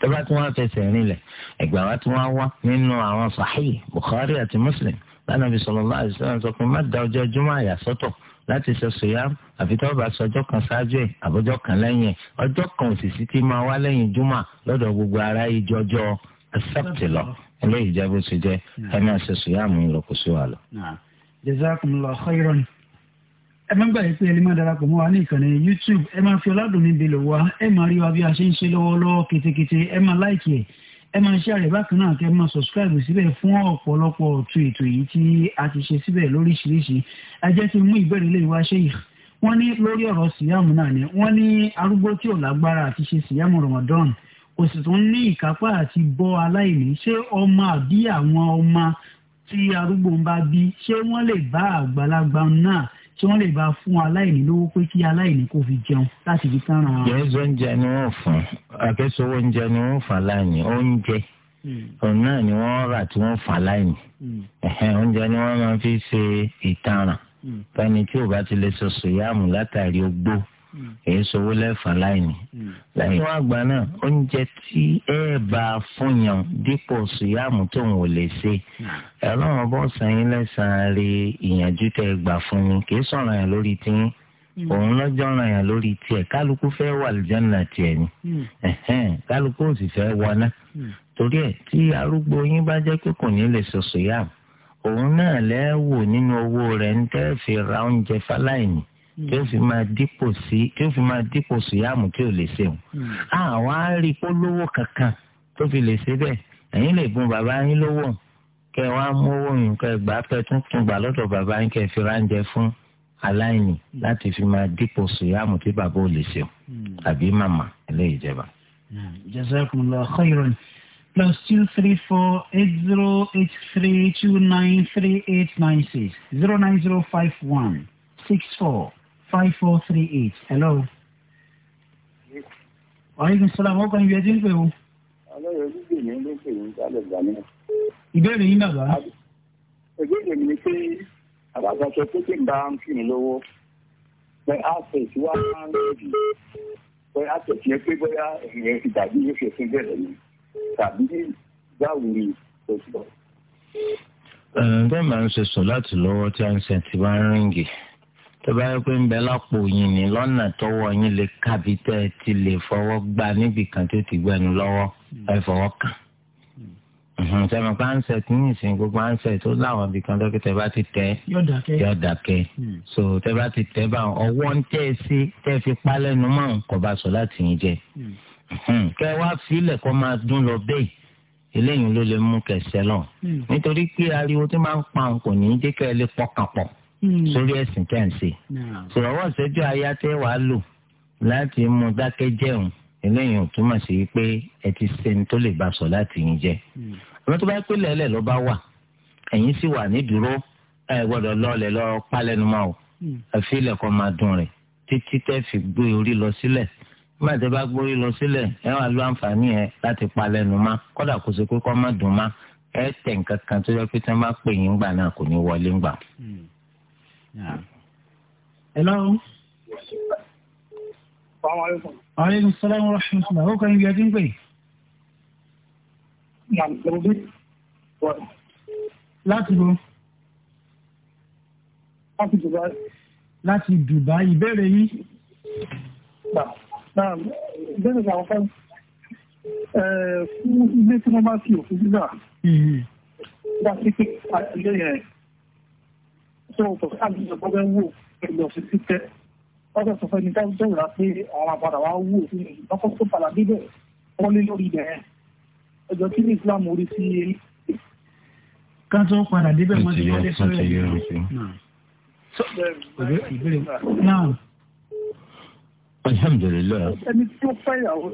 tọ́ba tí wọ́n fẹsẹ̀ rinlẹ̀ ẹ̀gbá wa tí wọ́n wá nínú àwọn sahih Bukhari àti Muslim lánàbí sallallahu alaihi wasallam sọ pé má da ọjọ́ jùmọ̀ àyà sọ́tọ̀ láti sọ sòyà àfi tó bá sọjọ́ kan ṣáájú ẹ̀ àbọ̀jọ́ kan lẹ́yìn ẹ̀ ọjọ́ kan òṣìṣì tí máa wá lẹ́yìn júmọ̀ lọ́dọ̀ gbogbo ará ìjọjọ́ accept lọ eléyìí jẹ́ bó ṣe jẹ́ ẹ hmm. máa ṣe sùyàmù ìrọ̀kù sí wa lọ. Hmm. jazakumullahu khairan ẹ máa ń gbà pé ẹni máa darapọ̀ mọ́ wa ní ìkànnì youtube ẹ máa fi ọládùn níbi lò wá ẹ máa rí wa bí a ṣe ń ṣe lọ́wọ́lọ́wọ́ ketekete ẹ máa láìkì ẹ̀ ẹ máa ṣe àrẹ bákan náà kẹ́ máa sọsíkàìbù síbẹ̀ fún ọ̀pọ̀lọpọ̀ ọ̀tún ètò yìí tí a ti ṣe síbẹ̀ lóríṣiríṣi ẹ jẹ́ kí n mú ìbéèrè lè wá ṣe yìí wọ́n ní lórí ọ̀rọ̀ síyàmù náà ni wọ́n ní arúgbó tí ò lágbára àti ṣe síyàmù ramadan o sì tún ní ìkápá àti bọ́ aláìní ṣé ọmọ àbí àwọn ọmọ tí arúgbó ń bá bí ṣé wọ́n lè bá àgbàlagbà náà tí wọ́n lè bá fún aláìní lówó pé kí aláìní kò fi jẹun láti fi tán ara. yẹ́sọ̀ oúnjẹ ni wọ́n fún akẹ́sọ̀wọ́ oúnjẹ ni wọ́n fún aláìní oúnjẹ hmm. òun náà ni wọ́n rà tí wọ́n fún aláìní hmm. oúnjẹ ni wọ́n máa fi ṣe ìtanràn hmm. fẹ́ni tí ò bá ti lè sọ sòyàmù látàrí ogbó èyí hmm. sowó lẹ́fà láìní. Hmm. lẹ́yìn wá gbà náà oúnjẹ tí ẹ bá fún yàn dípò sùyàmù tó ń wò lè ṣe hmm. ẹlọ́run bọ́ sẹ́yìn lẹ́sàn-án rí ìyànjú tẹ́ gbà fún mi kì í sọ̀rọ̀ yẹn lórí tiyín òun lọ́jọ́ ràn yàn lórí tiẹ̀ kálukú fẹ́ wà lìjánà tiẹ̀ ni kálukú ò sì fẹ́ wọná torí ẹ̀ tí arúgbó yín bá jẹ́ pé kò ní lè sọ̀sọ̀ yá òun náà lẹ́ẹ̀ nínú owó rẹ̀ ń tẹ́ fi ra oúnjẹ fáláìní tí ó fi máa dípò sí tí ó fi máa dípò sùyàmù tí ò lè ṣeun. àwọn hmm. á rí polówó kankan tó fi lè ṣe bẹ́ẹ̀ ẹ̀yin lè gun bàbá yín lówó kẹ wá mú owó yín kẹ gbà pẹ́ tuntun gbà lọ́dọ̀ bàbá yín kẹ fi ráńjẹ fún aláìní hmm. láti fi máa dípò sùyàmù tí bàbá ò lè ṣeun hmm. àbí màmá eléyìí jẹba. jazakumullahu khairan plus two three four eight zero eight three two nine three eight nine six zero nine zero five one six four five four three eight hello. wàhálà sọlá wọn kàn yẹ ti ń o. ọlọ́run ojú gbèmí ló pè mí sálẹ̀ gbà náà. ìbéèrè yín bàbá. ìbéèrè mi ni pé àbàtà sọ pé kí n bá ń fi mí lọ́wọ́ pé access wá máa ń lòdì pé access yẹn pé bóyá èèyàn ti dàbí yóò ṣe fún bẹ́ẹ̀ lẹ́yìn tàbí báwo ni o sọ. bẹ́ẹ̀ máa ń ṣe sọ láti lọ́wọ́ tí a ń sẹ̀ tí bá ń rìngì tó bá yẹ pé ń bẹ lápò yìí ní lọ́nà tọwọ́ yín lè kábi tẹ́ ẹ ti lè fọwọ́ gbá níbì kan tó ti gbẹnu lọ́wọ́ ẹ fọwọ́ kàn. sẹ́mi pa ń sẹ̀ tí ń sìn gbogbo tó láwọn ibì bá ti tẹ́ yọ dàkẹ́ hmm. so tẹ́ bá ti tẹ́ bá ọwọ́ ń tẹ́ ẹ sí tẹ́ fi pa lẹ́nu mọ́ kò bá sọ láti yín jẹ. Hmm. kẹ́ wá filẹ̀ kó máa dún lọ bẹ́ẹ̀ eléyìí ló lè mú kẹsẹ̀ lọ hmm. nítorí pé ariwo tí máa ń pa Hmm. sórí ẹ̀sìn tẹ̀ ń ṣe. sọ̀rọ̀wọ́ ìṣẹ́jú aya tẹ́ wàá lò láti mú dákẹ́jẹ̀hùn eléyìí ò túmọ̀ sí pé ẹ ti sẹ́ni tó lè bá sọ láti yín jẹ́. Hmm. àwọn tó bá pé lẹ́lẹ̀ ló bá wà ẹ̀yìn sì wà ní dúró ẹ gbọ́dọ̀ lọ́ọ̀lẹ̀ lọ pálẹ́numọ́ o àfilẹ̀ hmm. kọ́ máa dùn rẹ̀ títí tẹ́ fi gbé orí lọ sílẹ̀ nígbà tẹ́ bá gbé orí lọ sílẹ̀ ẹ wà lọ àǹfààní ẹ láti palẹ́numọ́ kódà kó ṣe pé kọ́ máa dùn má ẹ tẹ̀ nǹkan kan tó yẹ pé tí wọ́n bá pè yín gbà náà kò ní wọlé ńgbà. Hello. Aleykum salaam wa rahmatulah. Ó kọ́ ibi ẹtí ń pè. Láti bo. Láti Dubai. Láti Dubai, ìbéèrè yìí. Ìbéèrè ni àwọn fẹ́. Fún ilé tí wọ́n bá fi òfin gbígbà. Hmm. Bá a ti pé àtijọ́ yẹn tó tọ̀ sáàbì ìjọba bẹ́ẹ̀ wò ẹ̀lọ́ sí sí tẹ́ ọjọ́ sọ fẹ́ni tá tó rà pé àwọn àpàdà wa wò sí ìdọ́kọ̀ tó padà débẹ̀ wọ́n lé lórí ibẹ̀ yẹn ọjọ́ tí ní Islam orí sí eré. ká tó padà débẹ̀ wọ́n ti wọlé sórí ẹ̀ hmm. alhamdulilayi. ẹni tí ó fẹ́ ìyàwó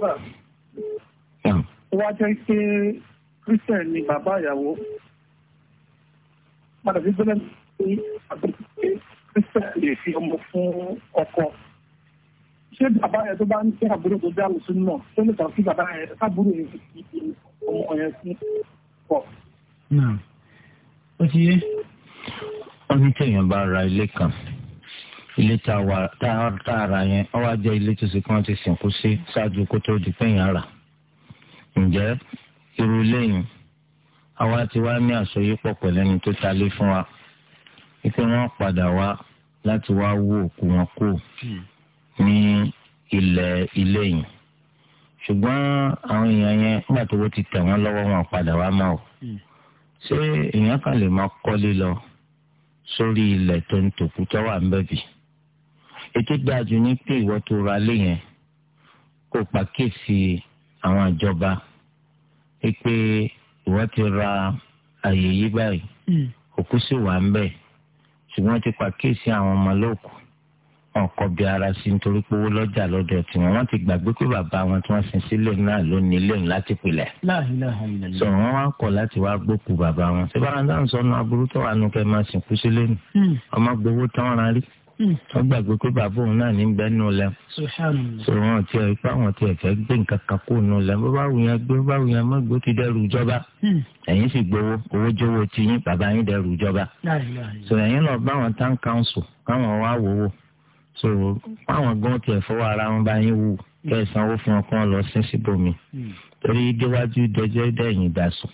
náà wá jẹ́ pé Christian ni bàbá ìyàwó padà sí gbẹ́lẹ́mì pé àbí pé sísẹ́ lè fi ọmọ fún ọkọ ṣé bàbá yẹn tó bá ń tẹ àbúrò tó dá lùsùn náà tó lè kàn sí bàbá yẹn sábúrò yẹn fi ọmọ yẹn sí pọ̀. ó ti yé wọ́n ní téèyàn bá ra ilé kan ilé tá a ra yẹn ó wá jẹ́ ilé tó ṣe kí wọ́n ti sìnkú sí ṣáájú kó tó di péyàn rà ǹjẹ́ irú ilé àwa ti wá ní àsọyípọ̀ pẹ̀lú ẹni tó ta fún wa wípé wọ́n padà wá láti wá wó òkú wọn kó hmm. ní ilẹ̀ ilé yìí ṣùgbọ́n àwọn èèyàn yẹn nígbà tó ti tẹ̀ wọ́n lọ́wọ́ wọn padà wá mọ́ o hmm. ṣé èèyàn kan lè máa kọ́lé lọ sórí ilẹ̀ tó ń tòkú tó wà ń bẹ̀bì ètò dájú ní pé ìwọ tó ra lé yẹn kó pàkíyèsí àwọn ìjọba pé ìwọ ti ra àyè yí báyìí hmm. òkú sì wà ń bẹ̀ẹ́ ṣùgbọ́n ti pàkíyèsí àwọn ọmọ lóòkù wọn kọ bí ara sí nítorí pé owó lọ́jà lọ́dọ̀ tiwọn wọ́n ti gbàgbé pé bàbá wọn tí wọ́n sin sílẹ̀ náà ló ní ilé ńlá ti pilẹ̀. sọ wọn wá kọ̀ láti wá gbókù bàbá wọn. ṣé bára ń dáhùn sọ́nù aburú tó wà nù kẹ́ máa sìnkú sílẹ̀ nù. Hmm. ọmọ gbowó tán ra Hmm. wọ́n gbàgbé pé bàbá òun náà ní bẹ́ẹ̀ nù lẹ́m. sọ̀rọ̀ wọn ti ẹ̀ pé àwọn ti ẹ̀ fẹ́ gbé nǹkan kan kó nù lẹ́m. bó bá wùyàn gbé bó bá wùyàn mọ́ gbó ti dẹ́rù ìjọba. Hmm. ẹ̀yin sì gbowó owó jówó ti yín bàbá yín dẹ́rù ìjọba. sọ̀rọ̀ ẹ̀yin lọ bá àwọn town council káwọn wá wòwò. sọ̀rọ̀ káwọn gan tiẹ̀ fọwọ́ ara wọn bá yín wù hmm. kẹ́ ẹ̀ sanwó fún ọkàn lọ sí síbòmí. torí déwájú dẹjọ́ dẹ́yìn ìdásùn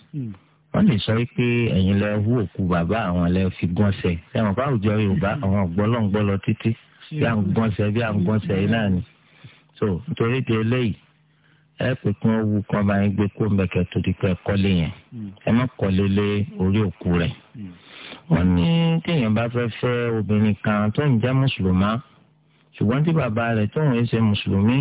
wọ́n lè sọ pé ẹ̀yin lẹ hu òkú bàbá àwọn lẹ fi gbọ́nsẹ̀ ẹ̀wọ̀n bá àwùjọ yorùbá àwọn gbọ́lọ́ngbọ́lọ́ títí bí à ń gbọ́nsẹ̀ bí à ń gbọ́nsẹ̀ yìí náà ni so nítorí ti eléyìí ẹ pé kí wọ́n wu kọ́ máa ń gbé kó mẹ́kẹ́ tó di pẹ́ kọ́lé yẹn ẹ má kọ́lé lé orí òkú rẹ̀ wọ́n ní téèyàn bá fẹ́ fẹ́ obìnrin kan tó ń jẹ́ mùsùlùmá ṣùgbọ́n tí bàbá rẹ̀ tóun ṣe mùsùlùmí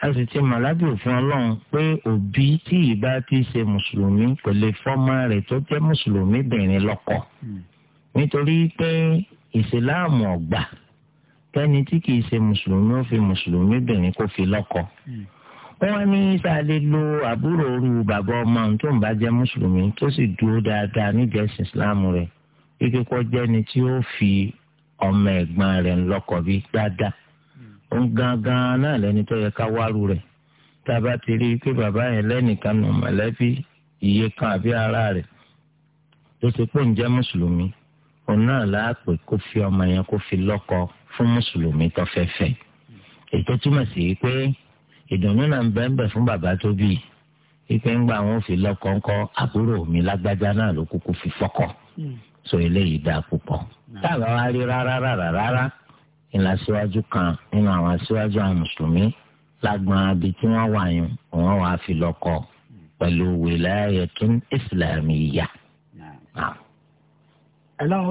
a sì ti mọ̀ lábẹ́ òfin ọlọ́run pé òbí tí ìbá ti ṣe mùsùlùmí kò lè fọ́mọ rẹ̀ tó jẹ́ mùsùlùmí bìnrin lọ́kọ hmm. nítorí pé ìsìláàmù ọ̀gbà kẹ́ni tí kìí ṣe mùsùlùmí ó fi mùsùlùmí bìnrin kó fi lọ́kọ. Hmm. wọ́n ní sáálé lo àbúrò oru bàbá ọmọ tó ń bá jẹ́ mùsùlùmí tó sì dúró dáadáa nídìí ẹ̀sìn ìsìláàmù rẹ̀ kíkọ́ jẹ́ni tí ó fi ọmọ ẹ̀gbọ́n rẹ̀ lọ́kọ bí dáadáa ń gangan náà lẹ́ni tó yẹ ká wárú rẹ̀ tá a bá ti rí i pé bàbá yẹn lẹ́nìkan nù mọ̀lẹ́bí iye kan àbí ara rẹ̀ tó ti pò ń jẹ́ mùsùlùmí òun náà láàpè kó fi ọmọ yẹn kó fi lọ́kọ fún mùsùlùmí tó fẹ́ fẹ́ èyí tó túmọ̀ sí pé ìdùnnú náà ń bẹ́ẹ̀ bẹ́ẹ̀ fún bàbá tó bí i ipe ń gba àwọn òfin lọkọọkọ àbúrò mi lágbájá náà ló kúkú fi fọkọ hmm. so eléyìí dáa púpọ̀ hmm. táwọn á rí rárá rárá rárá ìlàsíwájú kan nínú àwọn aṣíwájú àwọn mùsùlùmí lágbọn abi tí wọ́n wà yún òun wàá fi lọ́kọ pẹ̀lú wìláyẹ̀tún ìsìlámìyà. hello.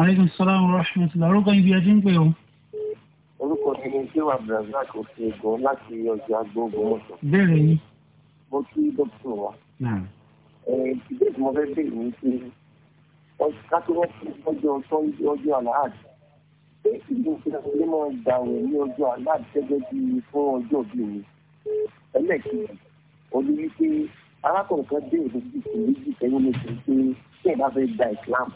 aleykum salaam wa rahmatulah orúkọ ibi ẹtí ń pè o. orúkọ mi ni ṣé wà brazil kò fi gan láti ọjà gbóògùn bẹ́ẹ̀ ni. mo kí dókítà wa. ẹ̀ẹ́dì tí mo fẹ́ bèèrè ní kí kátólọ́ fún ọjọ́ ọjọ́ ọjọ́ aláàdì pé ìlú ìfúnni máa dàwẹ̀ ní ọjọ́ aláàdì gẹ́gẹ́ bí fún ọjọ́ bí mi ẹlẹ́ẹ̀kejì olú wípé arákùnrin kan dé ìlú bíi ìlú méjì sẹ́yìn méjì pé kí ẹ bá fẹ́ da Islam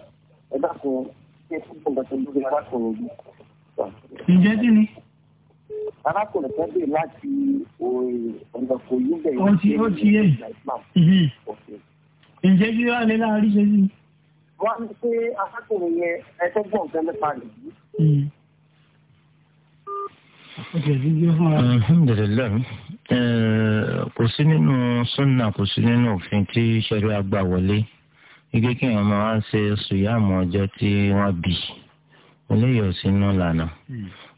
ẹ bá kan kí ẹ fún ọgbà tó lórí arákùnrin yìí. ǹjẹ́ kí ni. arákùnrin kan dé láti ọ̀nà kò yí bẹ̀rẹ̀ ó ti ó ti yé ǹjẹ́ kí wàá lé láàárín ṣe sí i wọ́n ní pé arákùnrin yẹn ẹsẹ̀ gbọ̀n gan nípa rẹ̀ yìí. Hmm. alhamdulilayi eh, kò sí nínú sunna kò sí nínú òfin tí sẹ́rí àgbà wọlé igi kí wọn máa ṣe sùyàmù ọjọ́ tí wọ́n bì eléyìí ò sínú lànà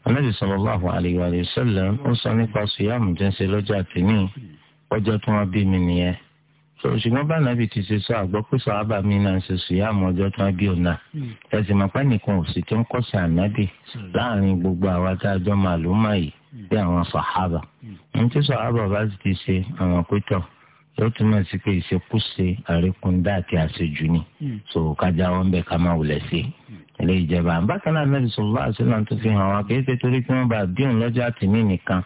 anábì hmm. sallallahu alaihi wa sallam ó sọ nípa sùyàmù tó ń ṣe lọ́jọ́ àtìní ọjọ́ tí wọ́n bí mi nìyẹn ṣùgbọ́n bá nàbì ti ṣe sọ àgbọ̀ pé sàábà mi náà ṣe sùyàmù ọjọ́ tó ń bí òun náà hmm. ẹ̀sìn màpá nìkan ò sì tó ń kọ́sà ànábì hmm. láàrin gbogbo àwa tá a jọ màlúmà yìí hmm. bí àwọn sàábà ní tí sàábà bá ti ṣe àwọn pétọ̀ yóò túmọ̀ sí pé ìṣekúṣe àríkúndá àti àṣejù ni so kájà wọn bẹ ká máa wulẹ̀ sí ilé ìjẹba bákan náà nàbì sọlá àṣìlá tó fi hàn wá kì í ṣe torí kí wọ́n bá bí òun lọ́jọ́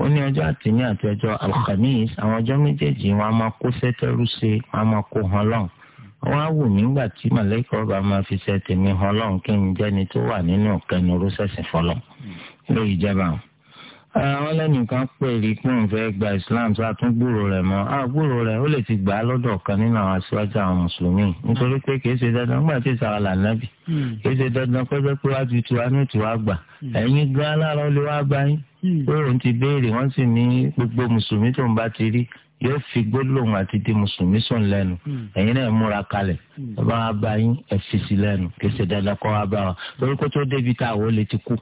ó ní ọjọ́ àtìní àti ọjọ́ alhamis àwọn ọjọ́ méjèèjì wọn a máa kó sẹ́tẹ́rù ṣe wọn a máa kó hàn lọ́n wọn á wù nígbà tí màlẹ́kọ̀ ọba máa fi ṣe tèmi hàn lọ́n kí n jẹ́ni tó wà nínú kẹnu rọ́ṣẹ̀ṣẹ̀ fọlọ́ lórí ìjẹba wọn. àwọn kan pè rí pé òun fẹ́ gba islam tó a tún gbúrò rẹ̀ mọ́ a gbúrò rẹ̀ ó lè ti gbà á lọ́dọ̀ kan nínú àwọn aṣáájú àwọn mùsùlùmí nítorí pé ṣe dandan nígbà tí ìsàrà hmm. ṣe dandan wá ju tiwa ní tiwa gbà hmm. ẹ̀yin gan wá gbá yín Hmm. pé òun ti béèrè wọ́n sì ní gbogbo mùsùlùmí tó ń bá ti rí yóò fi gbólóhùn àti di mùsùlùmí sùn lẹ́nu hmm. ẹ̀yin náà múra kalẹ̀ hmm. bá wa bá yín ẹ̀fìsì lẹ́nu kẹsẹ̀ dandan kọ́ wa bá wa lórí kó tó débi tá àwọn olè ti kú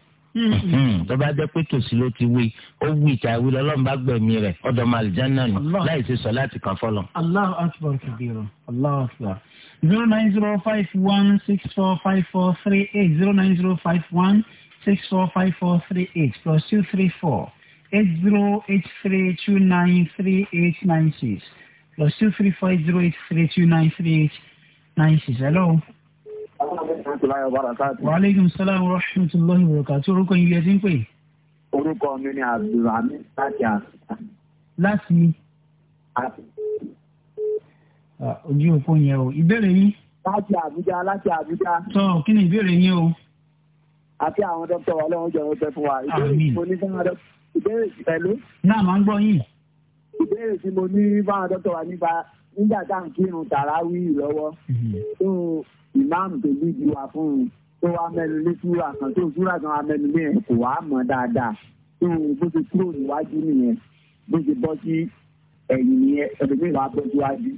tó bá jẹ́ pé tòsí ló ti wí ó wí ìta ìwé lọ́lọ́run bá gbẹ̀mí rẹ̀ ọ̀dọ̀ màlìjánà nù láì ṣe sọ láti kàn fọlọ́. Allahu akbar kabiru Allahu akbar zero nine zero five one six four five four three eight zero nine zero five one six four five four three eight plus two three four eight zero eight three two nine three eight nine six plus two three four zero eight three two nine three eight nine six. hello. waaleykum salaam wa rahmatulahi wa barakatuh orúkọ yín bí ẹ ti ń pè. mi ni abdulhamid láti àṣà. Ah, láti. ojú òpó yẹn o ìbéèrè yín. láti àbújá láti àbújá. sọ kí ni ìbéèrè yín o àti àwọn dókítà wa lọ́wọ́ jọ ọgbẹ́ fún wa. ìbéèrè mo ní fún adọ́ ìbéèrè sí pẹ̀lú. náà máa ń gbọ́ yín. ìbéèrè tí mo ní fún àwọn dókítà wa nípa nígbà tá à ń kírun tàràwí lọ́wọ́ tó ìmáàmù tó lídìí wa fún un tó wá mẹ́nu ní súrà kan tó súrà kan wá mẹ́nu ní ẹ̀ kò wá mọ̀ dáadáa tó bó ti kúrò níwájú nìyẹn bó ti bọ́ sí ẹ̀yìn nìyẹn ẹ̀dùnmí wàá bọ́ síwájú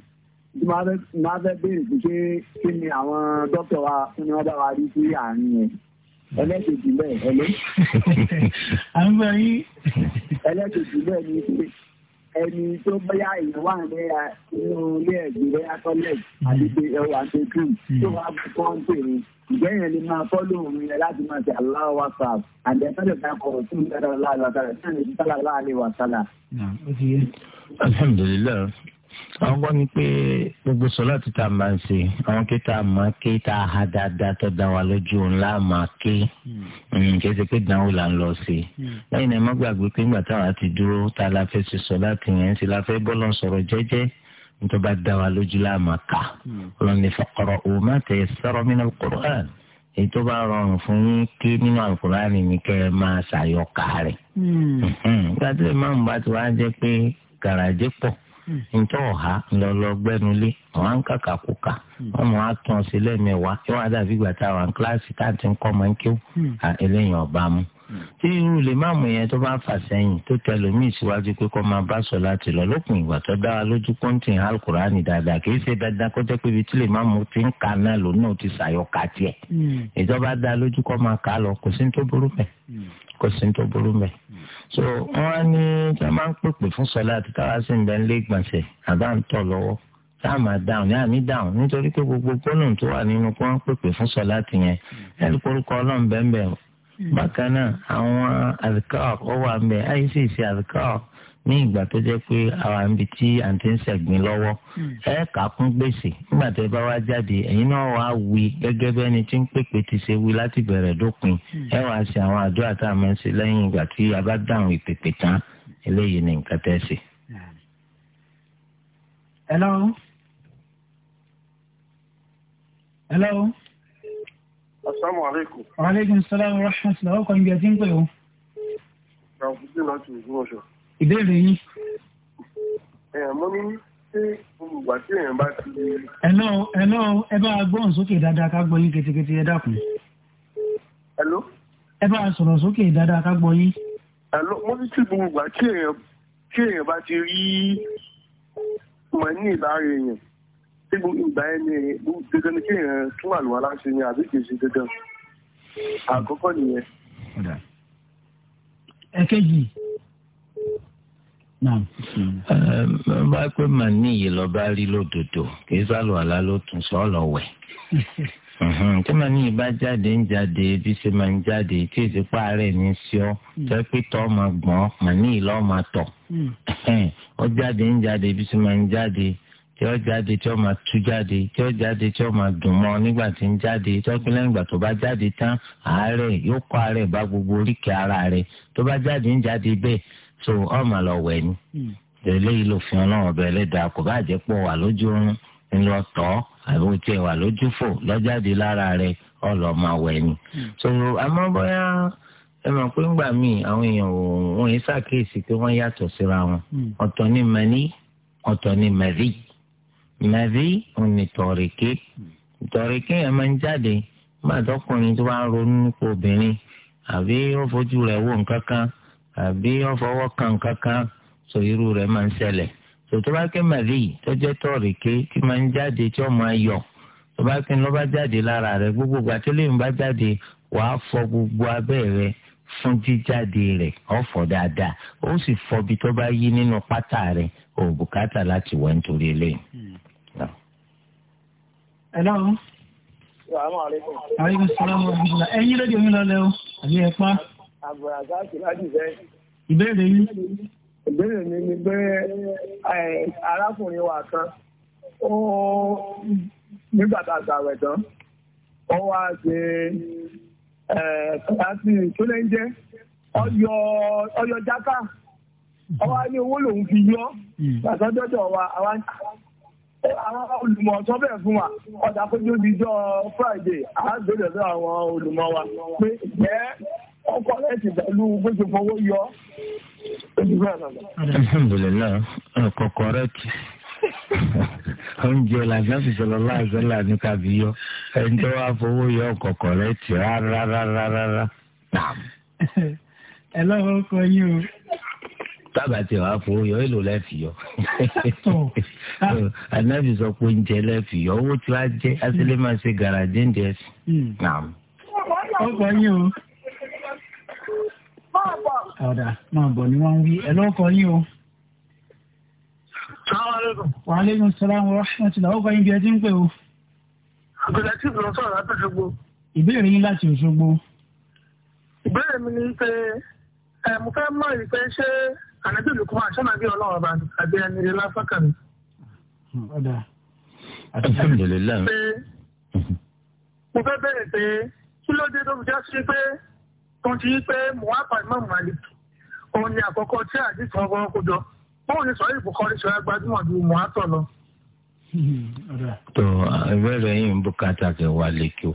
tí máa fẹ́ béèrè pé kí ni àwọn dókítà wa fún ni wọ́n bá wa rí sí àárín yẹn ẹlẹ́kejì bẹ́ẹ̀ ẹlẹ́. à ń bọ̀ yí. ẹlẹ́kejì bẹ́ẹ̀ ni pé ẹni tó bóyá èèyàn wà ní inú ilé ẹ̀gbìn bóyá college àdìgbé ẹwà àtẹkù tó wà kọ́ ń pè ní ìgbẹ́ yẹn lè máa fọ́lù òun yẹn láti máa ṣe aláwọ̀ whatsapp àti ẹ̀fọ́lẹ̀ kan kọ̀ọ̀ fún ìdára aláàlú àtàlà tí wọ́n lè fi sálà aláàlú alhamdulilayi àwọn gbọ́ ni pé gbogbo sọlá ti ta máa ń ṣe àwọn kí tá a máa ké tá a ha dáadáa tó dá wa lójú ńlá máa ké hmm. hmm, kìí ṣe pé dánwò là ń lọ sí i hmm. lẹ́yìn náà má gbàgbé pé ńgbà táwa ti dúró tá a la fẹ́ ṣe sọlá ti yẹn ṣe la fẹ́ bọ́lọ̀ sọ̀rọ̀ jẹ́jẹ́ nítorí bá dá wa lójú là máa kà ọlọ́ni fọkọrọ òun má tẹ̀ sọ̀rọ̀ mi náà Kùránì èyí tó bá rọrùn fún yín ké nínú àlùkùránì ni kẹ́ ẹ máa ṣàyọkà rẹ̀ gbàdúrà máa ń bá ti nǹkan ọ̀há lọ́lọ́gbẹ́nulé ọ̀hán kàkà kúkà ọmọ àtún ọ̀sẹ̀ lẹ́mẹ̀wá tí wọ́n á hmm. dàbí ìgbà táwọn kíláàsì táǹtì ń kọ́ máa ń kíw hmm. eléyìí ọ̀bá mu. Hmm. tí irú lè má mú yẹn tó bá fà sẹ́yìn tó tẹ lómìn síwájú pé kó máa bá sọ láti lọ lópin ìgbà tó dá wa lójú kọ́ńtì alukurani dáadáa kì í ṣe dandan kó jẹ́ pé ibi tí lè má mú ti ń ka náà lòun náà ti ṣàyọ ká tiẹ̀ ìjọba dá lójú kó máa kà á so wọ́n ní tí wọ́n máa ń pèpè fún sọlá àti táwa sì ń dánilé ìgbọ̀nsẹ̀ àbá ń tọ̀ lọ́wọ́ tá a máa dáhùn ní àmì dáhùn nítorí pé gbogbo gbónùn tó wà nínú kó wọ́n pèpè fún sọlá ti yẹn ẹni korúkọ ọlọ́run bẹ́ẹ̀ bẹ́ẹ̀ hmm. bákan náà àwọn àdìkọ́ ọ ń bẹ àyè sì ṣe àdìkọ́ ní ìgbà tó jẹ́ pé àwa ń bi tí à ń ti ń ṣẹ̀gbìn lọ́wọ́ hmm. ẹ kà á kún gbèsè nígbà tó bá wá jáde ẹ̀yin náà wá wí gẹ́gẹ́ bẹ́ẹ̀ ni tí ń pèpè ti ṣe wí láti bẹ̀rẹ̀ dópin hmm. ẹ wá ṣe àwọn àdúrà tá a máa ń ṣe lẹ́yìn ìgbà tí a bá dáhùn ìpèpè tán eléyìí ni nǹkan tẹ́ ṣe. hello hello. asalaamualeykum. waaleykum salaam wa rahmatulah ọkọ̀ ìgbà tí ń pè ó. ìgbà òkú sí ìbéèrè yín. mo ní ṣé olùgbà tí èèyàn bá ti. hello hello ẹ bá a gbọ́n sókè dáadáa ká gbọ́ yín ketekete ẹ dákun. hello. ẹ bá a sọ̀rọ̀ sókè dáadáa ká gbọ́ yín. hello mo ní ṣé olùgbà tí èèyàn tí èèyàn bá ti rí mọ̀ ní ìbára èèyàn tí ìgbà yẹn ni dandan ni kí èèyàn tún àlùwà láṣẹ ni àbí kì ṣe dandan àkọ́kọ́ nìyẹn. ẹ̀kejì bá pé màní yìí lọ bá rí lódodo kì í sálọ àlá ló tún sọ lọ wẹ tí màá ní ìbá jáde ń jáde bí ṣe máa ń jáde tí èsì pààrẹ̀ ní sí ọ hmm. tẹ́pítọ́ máa gbọ́n màá ní ìlọ́ máa tọ̀ hmm. ọ jáde ń jáde bí ṣe máa ń jáde tí ó jáde tí ó máa tú jáde tí ó jáde tí ó máa dùn mọ́ nígbà tí ń jáde tí ó pín lẹ́yìn ìgbà tó bá jáde tán àárẹ̀ yóò kọ́ àárẹ̀ bá gbogbo oríkèé ara rẹ̀ tó bá jáde ń jáde bẹ́ẹ̀ so ọmọ lọ wẹ̀ ni hmm. eléyìí ló fi ọlọ́run ọbẹ̀ ẹlẹ́dàá kò bá jẹ́ pọ̀ wà lójú oorun ńlọ tọ́ àbí o tiẹ̀ wà lójú fò lọ́jáde lára rẹ̀ ọlọ́ máa wẹ̀ ni. Hmm. so àmọ́ bóyá ẹ mọ̀ pé ńgbà míì àwọn èèyàn wọn yìí ṣàkíyèsí pé wọ́n yàtọ̀ síra wọn hmm. ọ̀tọ̀ ni mẹ́ni ọ̀tọ̀ ni mẹ́rí mẹ́rí òní tọ̀rẹ̀kẹ́ tọ̀rẹ̀kẹ́ yẹn máa ń jáde nígbà tó bá ronú nípa obìnrin àbí ó fojú rẹ̀ wò nǹkan kan àbí wọ́n fọwọ́ kan kankan sọ irú ma máa ń ṣẹlẹ̀ tòtò bá tọ́jẹ́ tọ̀rì tí máa ń jáde tí ọmọ ayọ̀ bá jáde lára gbogbo gbàtẹ́lẹ́yìn bá jáde wàá fọ gbogbo abẹ́ rẹ̀ fún jíjáde rẹ ọ̀fọ̀ dáadáa ó sì fọ bí tó bá yí nínú pátá rẹ ò bùkátà láti wẹ̀ nítorí eléyìí. Hmm. àbùràdá sí láti bẹ. ìbéèrè yín. ìbéèrè mi ni pé arákùnrin wa kan ó nígbà tá a ṣàwẹ̀ tán ó wá ṣe kíláàsì tó lè jẹ́ ọyọ jáká ọwọ́ ní owó lòun fi yọ hmm. àtọ́jọ́jọ́ wa àwọn olùmọ̀ sọ bẹ́ẹ̀ fún wa ọjà péjú bíjọ́ Friday àádọ́jọ́ sí àwọn olùmọ̀ wa pé ẹ́ ọkọ rẹsì pẹ̀lú bó ṣe fọwọ́ yọ. alhamdulilayi ọkọ rẹ ti oúnjẹ làbẹ́fì sọ̀rọ̀ láàzọ́là ní tàbí yọ ẹ̀ńdẹ́ wa fowó yọ ọ̀kọ̀ọ̀kọ̀ rẹ tì rárá ẹ lọ́wọ́ kọ yín o. tábà tí wàá fowó yọ èlò lẹ́fì yọ. anábì sọ pé oúnjẹ lẹ́fì yọ owó tí wàá jẹ́ asílẹ̀ máa ṣe gàràjẹ́ ń jẹ́ sí. Hmm. ọkọ yín o ọ̀dà máa bọ̀ ni wọ́n ń wí ẹ̀ lọ́kọ̀ yín o. wa aleykum salaam wa rahmatulah ọkọ yín bí ẹ ti ń pè o. àgbẹ̀dẹ̀ tí ìgbìmọ̀ sọ̀rọ̀ láti Òṣogbo. ìbéèrè yín láti Òṣogbo. ìbéèrè mi ni pé ẹ mo fẹ́ mọ̀ ìpè ṣé ànábì Lukman àṣọ́nàbí ọlọ́run ọba àbí ẹni rẹ lásán mo fẹ́ bẹ̀rẹ̀ pé kí ló dé tó fi já sí pé tó ti pé muhammad imam malik òun ni àkọ́kọ́ tí àdìsí wọn fọwọ́ kó jọ bóun ni sọ̀rọ̀ ìbùkọ́rí sọ̀rọ̀ gbajúmọ̀ ju muhammad lọ. tó ìbéèrè yìí ń bùkátà kẹ wá lẹ́kì o.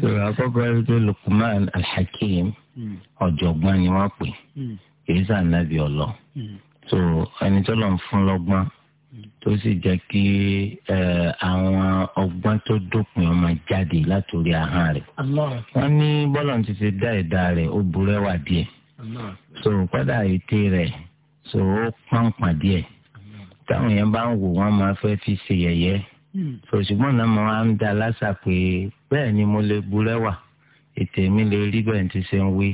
sọ̀rọ̀ àkọ́kọ́ tó lukman alhakim hmm. ọ̀jọ̀gbọ́n ni wọ́n pè hmm. kì í sàn nàbì ọ̀lọ́. Hmm. tó ẹni tó lọ ń fún lọ́gbọ́n tó sì jẹ́ kí àwọn ọgbọ́n tó dópin ọmọ jáde látòrí ahọ́n rẹ̀. wọ́n ní bọ́lá ti ṣe dá ẹ̀dá rẹ̀ ó burẹ́wà díẹ̀ so padà ète rẹ̀ so ó pọ̀npọ̀n díẹ̀ táwọn yẹn bá ń wò wọ́n máa fẹ́ fi ṣe yẹ̀yẹ́ hmm. ṣùgbọ́n náà máa ń da lásà pé bẹ́ẹ̀ ni mo lè burẹ́wà ètè mi lè rí bẹ́ẹ̀ ti ṣe ń wí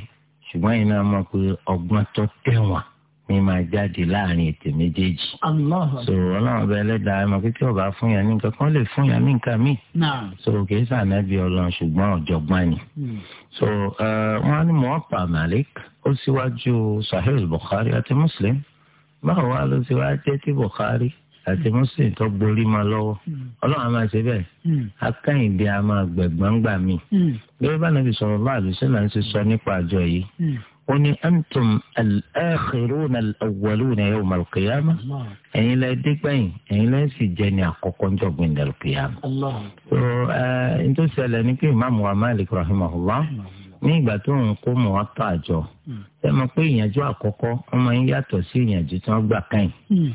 ṣùgbọ́n yìí náà mọ̀ pé ọgbọ́n tó tẹ̀wọ̀n ní máa jáde láàrin ètè méjèèjì. so ọlọ́run ọba ẹlẹ́dàá ẹ̀mọ́ pé tí ọba fún yàn ní nǹkan kan lè fún yàn ní nǹkan míì. so kìí sànẹ́bí ọlọ́run ṣùgbọ́n ọ̀jọ̀gbọ́n ni. Hmm. so wọ́n á ní mọ́ọ́pà malik ó síwájú sahel bukhari àti muslim báwo wá ló ti wá jẹ́ ti bukhari àti hmm. muslim tó gborí ma lọ́wọ́ hmm. ọlọ́run a máa ṣe bẹ́ẹ̀ akẹ́yìndé a máa gbẹ̀gbọ́n gbà mí. bí wọ́n bá nàbì sọ̀rọ̀ bá àlùsílà ó ní antum al-akhirun al-awwaluna yawm al-qiyamah ẹ̀yin lẹ dé gbẹ̀yìn ẹ̀yin lẹ sì jẹ́ ní àkọ́kọ́ ńjọ́ gbẹ̀yìn al-qiyamah. so ẹni tó ṣẹlẹ̀ ní pé ìmáàmù wa Malik rahimahullah ní ìgbà tó ń kó mọ̀ wá tó àjọ ẹ mọ̀ pé ìyànjú àkọ́kọ́ wọ́n máa ń yàtọ̀ sí ìyànjú tí wọ́n gbà kàn yìí.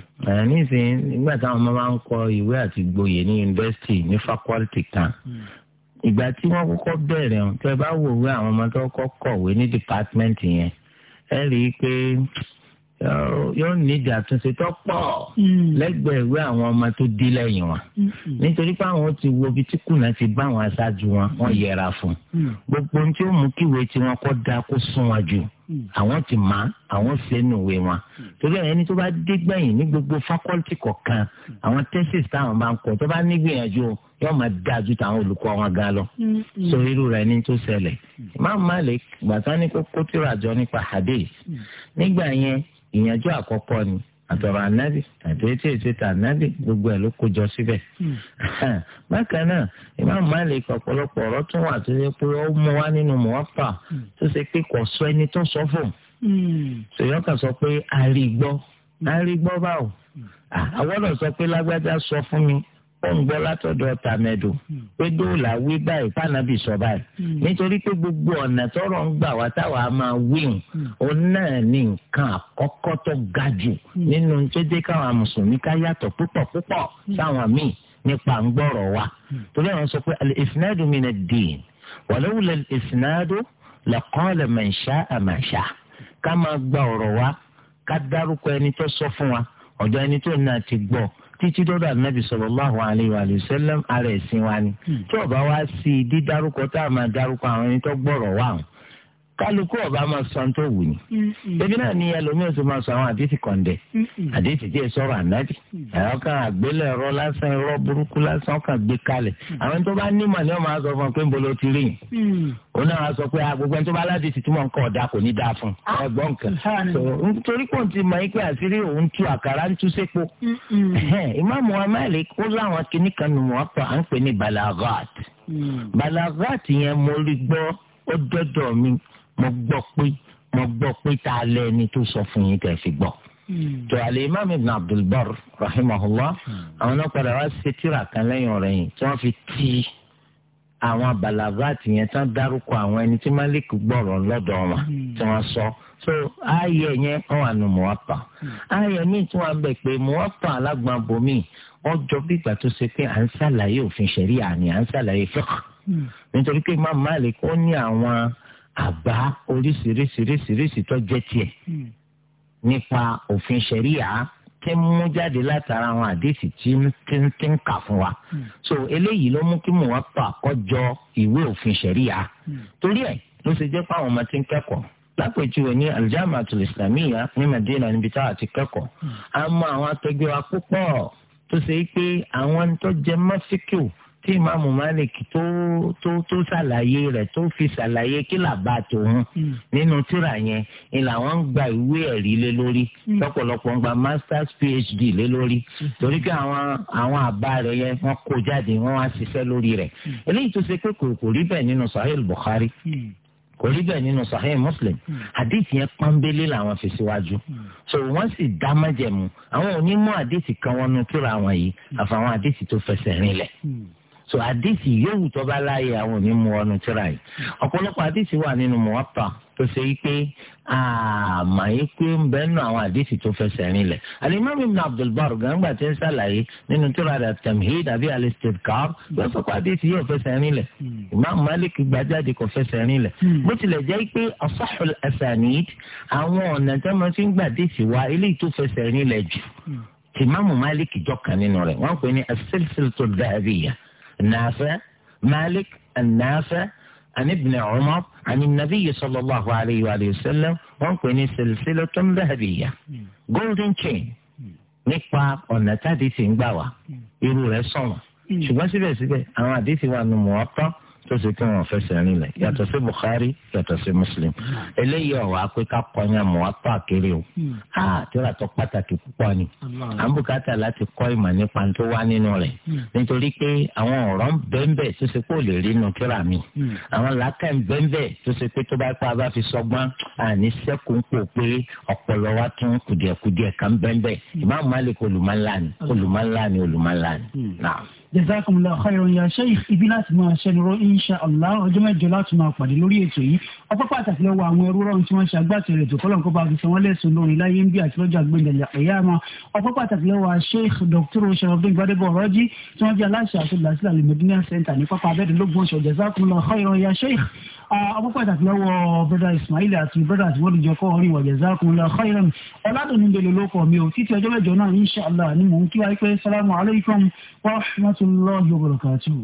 nígbà táwọn ọmọ máa ń kọ ìwé àti gboyè ní yunifásitì ní fákọ́lítì kan ìgbà tí wọ́n kọ́kọ́ bẹ̀rẹ̀ ọ̀hún tẹ́ bá wò wí àwọn ọmọ tó kọ́ kọ̀wé ní dìpátímẹ́ǹtì yẹn ẹ rí i pé uh, yóò nídìí àtúnṣe tó pọ̀ hmm. lẹ́gbẹ̀ẹ́ ìwé àwọn ọmọ tó dé lẹ́yìn wọn hmm, hmm. nítorí pé àwọn ti wo ibi tí kùnà ti bá àwọn aṣáájú wọn wọ́n yẹra fún gbogbo ohun tí ó mú kíwèé tí wọ́n kọ́ da kó sún wọn jù àwọn ti mà àwọn sẹ́nu ìwé wọn torí ẹni tó bá dé gbẹ̀yìn ní gbogbo fakọ́lítì kọ̀ọ̀kan àwọn tẹ́sítì táwọn bá ń kọ́ tó bá ní gbìyànjú yóò máa dáa ju tàwọn olùkọ́ wọn gan lọ mm-hmm. so irú rẹ̀ ní tó ṣẹlẹ̀ Imam Malik gbàtà ní kókó tíra jọ nípa hadith mm-hmm. nígbà yẹn ìyànjú àkọ́kọ́ ni àtọ̀rọ̀ ànábì àti etí èsì tà ànábì gbogbo ẹ̀ ló kójọ síbẹ̀. Hmm. bákan náà Imam Malik ọ̀pọ̀lọpọ̀ ọ̀rọ̀ tún wà tó ṣe pé ó mú wá nínú mọ́pà hmm. tó ṣe pé kò sọ ẹni tó sọ fún. Hmm. sèyàn kan sọ pé àrígbọ́ àrígbọ́ báwo àwọn ah, náà sọ pé lágbájá sọ fún mi ó ń gbọ́ látọ̀dọ̀ tàmẹ́dù hmm. pé dóòlà wí báyìí fànàbì sọ báyìí hmm. nítorí pé gbogbo ọ̀nà tọrọ ń gbà wá táwa máa wíhùn hmm. òun náà ní nǹkan àkọ́kọ́ tó ga jù nínú tó dé káwọn mùsùlùmí ká yàtọ̀ púpọ̀ púpọ̀ sáwọn míì nípa ń gbọ́rọ̀ wa torí àwọn sọ pé al-isnadu min ad-din wa lawla al-isnadu laqala man sha'a ma sha'a ká máa wa ká dárúkọ ẹni tó sọ fún wa ọ̀dọ̀ ẹni tó náà ti gbọ́ títí dọ́dọ̀ ànábì sallallahu alayhi wa sallam ara ẹ̀sìn wa ni hmm. tí ọba wa sí dídárúkọ tá a máa dárúkọ àwọn ẹni tó gbọ́rọ̀ wà hàn kálukú ọba máa sọ tó wù ní. ebi náà ni ẹlòmíràn tó máa sọ àwọn àdéhìí kan dẹ àdéhìí tí ẹ sọ̀rọ̀ ànábì àwọn kan àgbélé ẹ̀rọ lásán ẹ̀rọ burúkú lásán kan gbé kalẹ̀ àwọn tó bá ní màlẹ́ ọmọ àzọ fún un pé ń bolo ti rí yìí. Mm. òun náà sọ pé agbègbè tó bá láti ti túmọ̀ nǹkan ọ̀dà kò ní dáa fún un ah, ẹgbọ́n nǹkan. torí kò ti mọ̀ pé àṣírí òun tú àkàrà ń tú sépo. ìmáàmù balagat. balagat yẹn mo rí mo gbọ́ pé mo gbọ́ pé ta lẹ́ni tó sọ fún yín tẹ̀ fi gbọ́ hmm. tó alimam ibn abdulbar rahimahullah hmm. àwọn náà padà wá ṣe tíra kan lẹ́yìn ọ̀rẹ́ yìí tí wọ́n fi ti àwọn balagati yẹn tán dárúkọ àwọn ẹni tí malik gbọ́rọ̀ lọ́dọ̀ wọn hmm. tí wọ́n sọ so ààyè yẹn kàn wà nù mọ́àpà ààyè míì tí wọ́n bẹ̀ pé mọ́àpà alágbọ̀n bomi wọ́n jọ bí ìgbà tó ṣe pé à ń ṣàlàyé òfin ṣẹ̀ríà ni à ń ṣàlàyé fiqh nítorí pé imam malik ó ní àwọn àbá oríṣiríṣiríṣiríṣi tó jẹ́ tiẹ̀ hmm. nípa òfin ṣẹ̀ríyà tí ń mú jáde látara àwọn àdéhìí tí ń tí ń kà fún wa hmm. so eléyìí ló mú kí mò ń pa àkọ́jọ ìwé òfin ṣẹ̀ríyà hmm. torí ẹ̀ ló ṣe jẹ́ pé àwọn ọmọ tí ń kẹ́kọ̀ọ́ lápèjúwe ní aljamaatul islamiyya ní Madina níbi tá a ti kẹ́kọ̀ọ́ a mọ àwọn akẹgbẹ́ wa púpọ̀ tó ṣe é pé àwọn tó jẹ mọ́síkìlì tí ìmáàmù Malik tó tó tó ṣàlàyé rẹ̀ tó fi ṣàlàyé kí làbá tòun hmm. nínú tíra yẹn ni làwọn ń gba ìwé ẹ̀rí lé lórí hmm. lọ́pọ̀lọpọ̀ ń gba masters phd lé lórí hmm. torí pé àwọn àwọn àbá rẹ̀ yẹn wọ́n kó jáde wọ́n wá ṣiṣẹ́ lórí rẹ̀ eléyìí tó ṣe pé kò kò rí bẹ́ẹ̀ nínú Sahih Bukhari kò rí bẹ́ẹ̀ nínú Sahih Muslim àdéhìí yẹn pọ́nbélé làwọn fi síwájú so wọ́n sì dá májẹ̀mú àwọn onímọ̀ àdéhìí kan wọnú kíra àwọn yìí àfàwọn àdéhìí tó fẹsẹ̀ rinlẹ̀ so àdìsí yóò tó bá láàyè àwọn òní mu ọnu tíra yìí ọ̀pọ̀lọpọ̀ àdìsí wà nínú Muwatta tó ṣe yí pé àmà yí pé ń bẹ́ẹ̀ nù àwọn àdìsí tó fẹsẹ̀ rinlẹ̀ Al-Imam Ibn Abdul Barr gbàngbà tí ń ṣàlàyé nínú tíra rẹ̀ Tamhid àbí al-Istidkar bẹ́ẹ̀ sọ́kọ́ àdìsí yóò fẹsẹ̀ rinlẹ̀ Imam Malik gbàjáde kò fẹsẹ̀ rinlẹ̀ bó tilẹ̀ jẹ́ pé asahhul asanid àwọn ọ̀nà tí wọ́n fi ń gbàdìsí wa eléyìí tó fẹsẹ̀ rinlẹ̀ jù tìmáàmù Malik jọ̀kan nínú rẹ̀ wọ́n pè ní as-silsilatu dhahabiyya nafe malik nafe ani ibn umar ani nabi sallallahu alayhi wa sallam wọ́n pè ní silsilatun dhahabiyya golden chain nípa ọ̀nà tádìsí ń gbà wá irú rẹ̀ sọ̀rọ̀ ṣùgbọ́n síbẹ̀síbẹ̀ àwọn àdìsí wa nù mọ́ ọ́ tán tó ṣe kí wọn fẹsẹ̀ rìn lẹ̀ yàtọ̀ sí Bukhari yàtọ̀ sí Muslim eléyìí ọ̀rọ̀ apẹ́ká kọ́nyà mọ́ apá àkéré o a hmm. tíra tó pàtàkì púpọ̀ ni à ń bùkátà láti kọ́ ìmọ̀ nípa tó wá nínú rẹ̀ hmm. nítorí pé àwọn ọ̀rọ̀ ń bẹ́ńbẹ́ tó ṣe kó lè rí inú kíra mi hmm. àwọn làákà ń bẹ́ńbẹ́ tó ṣe pé tó bá pa bá fi sọgbọ́n àní sẹ́kù pò pé ọ̀pọ̀lọ wa tún kùdìẹ̀kùdìẹ̀ kan bẹ́ńbẹ́ Imam jazakumullahu khairan ya sheikh ibi láti máa ṣẹnuró insha allah ọjọ́ mẹ́jọ láti máa pàdé lórí ètò yìí ọpẹ́ pàtàkì lọ́wọ́ àwọn ẹrú rọrùn tí wọ́n ṣe agbátẹrẹ ètò kọ́lọ́n kó bá fi san wọ́n lẹ́sùn lórí láyé ń bí àti lọ́jọ́ àgbẹ̀dẹ̀lẹ̀ ẹ̀yàmọ́ ọpẹ́ pàtàkì lọ́wọ́ sheikh dr sharafdin gbadebo ọ̀rọ́jì tí wọ́n jẹ́ aláṣẹ àti olùdásílẹ̀ alimọ̀dínà center ní pápá abẹ́dẹ́lógún ọ̀ṣọ́ jazakumullahu khairan ya sheikh ọmọ pàtàkì lọ́wọ́ broda ismail àti broda àti wọ́n jọkọ́ orí ìwọ̀jẹ̀ zakunla khairan ọ̀làdùnní bèlè lóko mi ò títí ọjọ́ mẹ́jọ náà inshallah ni mò ń kí wáyé pé salamu alaykum wa rahmatulahi wa barakatuhu.